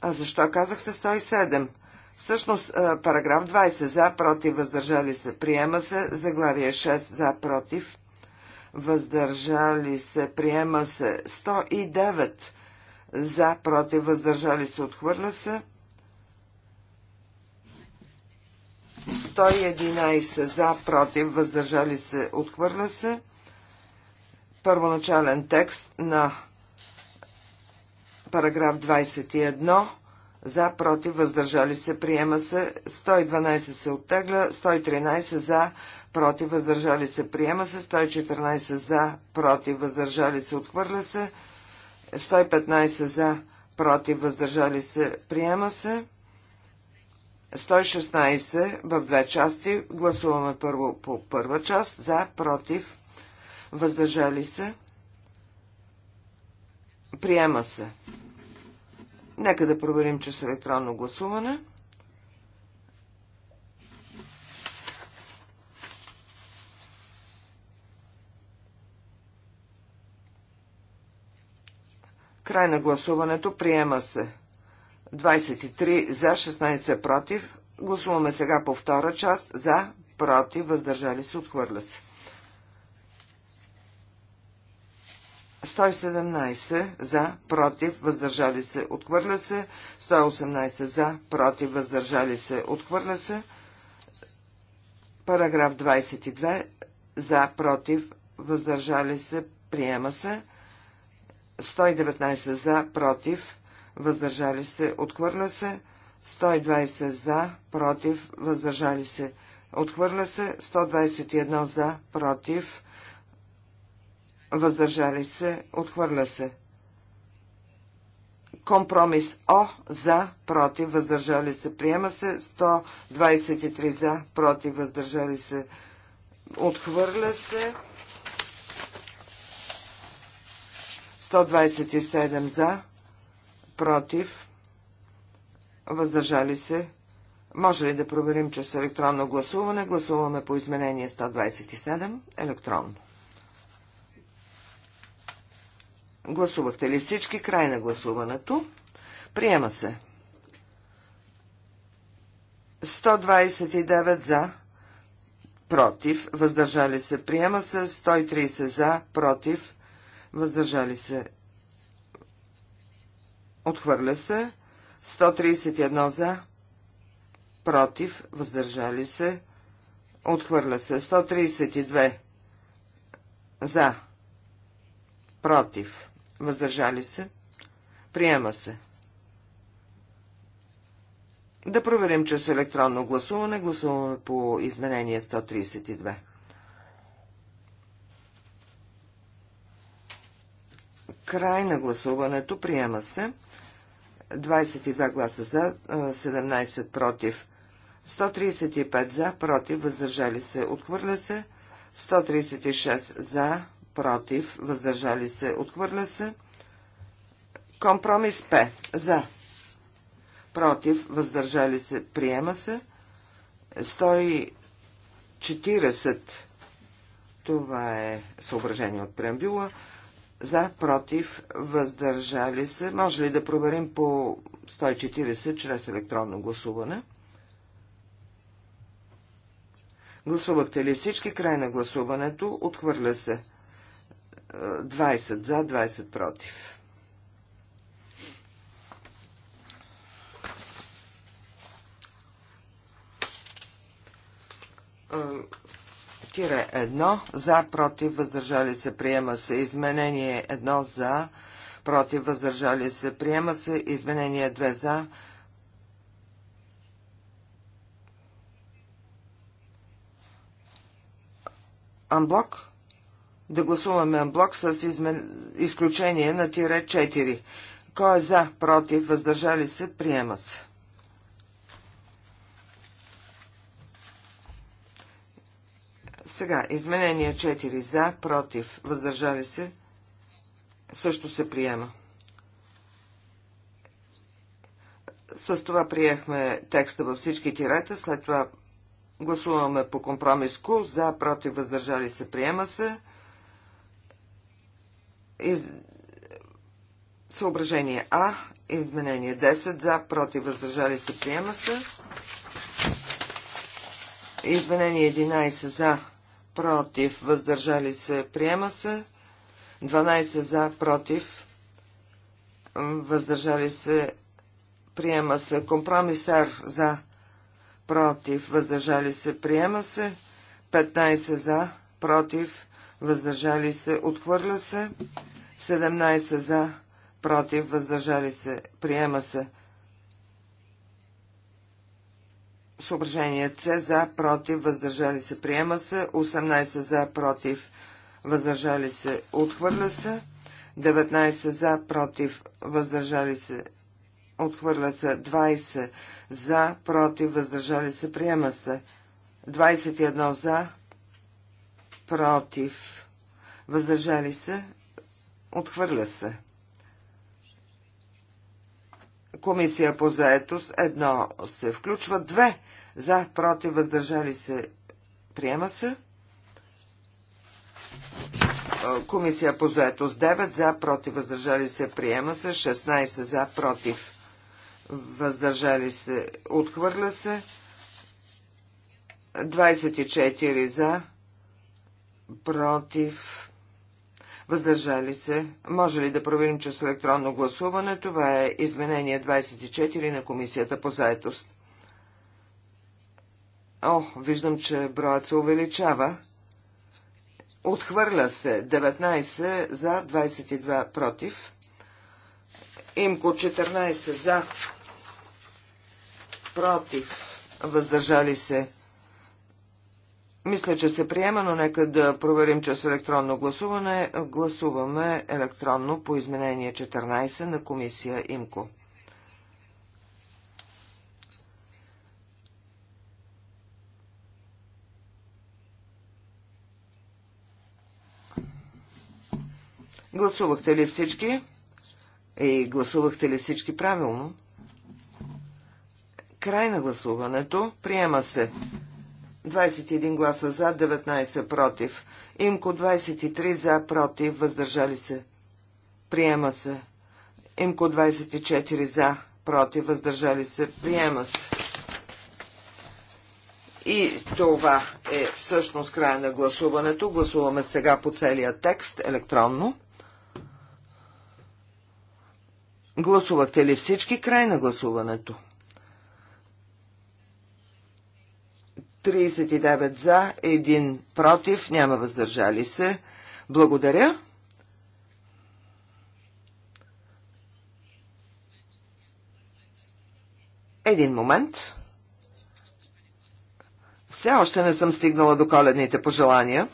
А защо казахте 107? Всъщност, параграф 20 за, против, въздържали се, приема се, заглавие 6 за, против, въздържали се, приема се, 109 за, против, въздържали се, отхвърля се, 111 за, против, въздържали се, отхвърля се. Първоначален текст на параграф 21 за, против, въздържали се, приема се. 112 се оттегля, 113 за, против, въздържали се, приема се. 114 за, против, въздържали се, отхвърля се. 115 за, против, въздържали се, приема се. 116 в две части. Гласуваме първо по първа част. За, против, въздържали се. Приема се. Нека да проверим, че с електронно гласуване. Край на гласуването приема се. 23 за, 16 против. Гласуваме сега по втора част. За, против, въздържали се, отхвърля се. 117 за, против, въздържали се, отхвърля се. 118 за, против, въздържали се, отхвърля се. Параграф 22 за, против, въздържали се, приема се. 119 за, против, въздържали се, отхвърля се, 120 за, против, въздържали се, отхвърля се, 121 за, против, въздържали се, отхвърля се. Компромис О за, против, въздържали се, приема се, 123 за, против, въздържали се, отхвърля се, 127 за, против, въздържали се. Може ли да проверим, че с електронно гласуване гласуваме по изменение 127 електронно? Гласувахте ли всички? Край на гласуването. Приема се. 129 за, против, въздържали се. Приема се. 130 за, против, въздържали се. Отхвърля се. 131 за. Против. Въздържали се. Отхвърля се. 132 за. Против. Въздържали се. Приема се. Да проверим чрез електронно гласуване. Гласуваме по изменение 132. Край на гласуването. Приема се. 22 гласа за, 17 против, 135 за, против, въздържали се, отхвърля се, 136 за, против, въздържали се, отхвърля се, компромис П, за, против, въздържали се, приема се, 140, това е съображение от преамбюла, за, против, въздържали се. Може ли да проверим по 140 чрез електронно гласуване? Гласувахте ли всички? Край на гласуването. Отхвърля се. 20 за, 20 против. Uh Тире 1 за, против, въздържали се, приема се. Изменение 1 за, против, въздържали се, приема се. Изменение 2 за, Анблок. Да гласуваме Анблок с измен... изключение на тире 4. Кой е за, против, въздържали се, приема се. Сега, изменение 4 за, против, въздържали се, също се приема. С това приехме текста във всички тирета, след това гласуваме по компромис КУ, за, против, въздържали се, приема се. Из... Съображение А, изменение 10, за, против, въздържали се, приема се. Изменение 11 за, против, въздържали се, приема се. 12 за, против, въздържали се, приема се. Компромисар за, против, въздържали се, приема се. 15 за, против, въздържали се, отхвърля се. 17 за, против, въздържали се, приема се. Съображение С за, против, въздържали се, приема се. 18 за, против, въздържали се, отхвърля се. 19 за, против, въздържали се, отхвърля се. 20 за, против, въздържали се, приема се. 21 за, против, въздържали се, отхвърля се. Комисия по заетост едно се включва, две за, против, въздържали се, приема се. Е, комисия по заетост 9 за, против, въздържали се, приема се. 16 за, против, въздържали се, отхвърля се. 24 за, против, въздържали се. Може ли да проверим, че с електронно гласуване това е изменение 24 на Комисията по заетост? О, виждам, че броят се увеличава. Отхвърля се 19 за, 22 против. Имко 14 за, против, въздържали се. Мисля, че се приема, но нека да проверим с електронно гласуване. Гласуваме електронно по изменение 14 на комисия ИМКО. Гласувахте ли всички? И гласувахте ли всички правилно? Край на гласуването. Приема се. 21 гласа за, 19 против. Имко 23 за, против, въздържали се. Приема се. Имко 24 за, против, въздържали се. Приема се. И това е всъщност края на гласуването. Гласуваме сега по целия текст електронно. Гласувахте ли всички? Край на гласуването. 39 за, 1 против, няма въздържали се. Благодаря. Един момент. Все още не съм стигнала до коледните пожелания.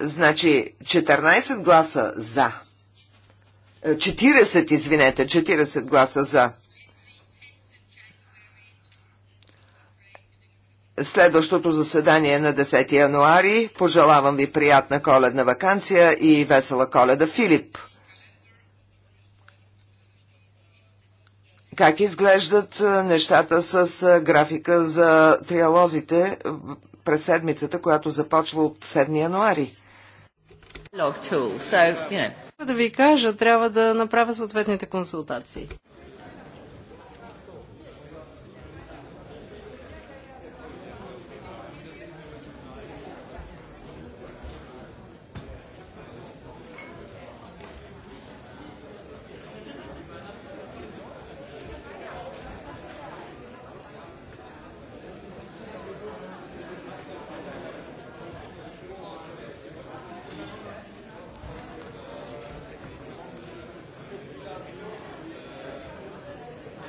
Значи 14 гласа за. 40, е, извинете, 40 гласа за. Следващото заседание е на 10 януари. Пожелавам ви приятна коледна вакансия и весела коледа, Филип. Как изглеждат е, нещата с графика за триалозите през седмицата, която започва от 7 януари? So, Да ви кажа, трябва да направя съответните консултации.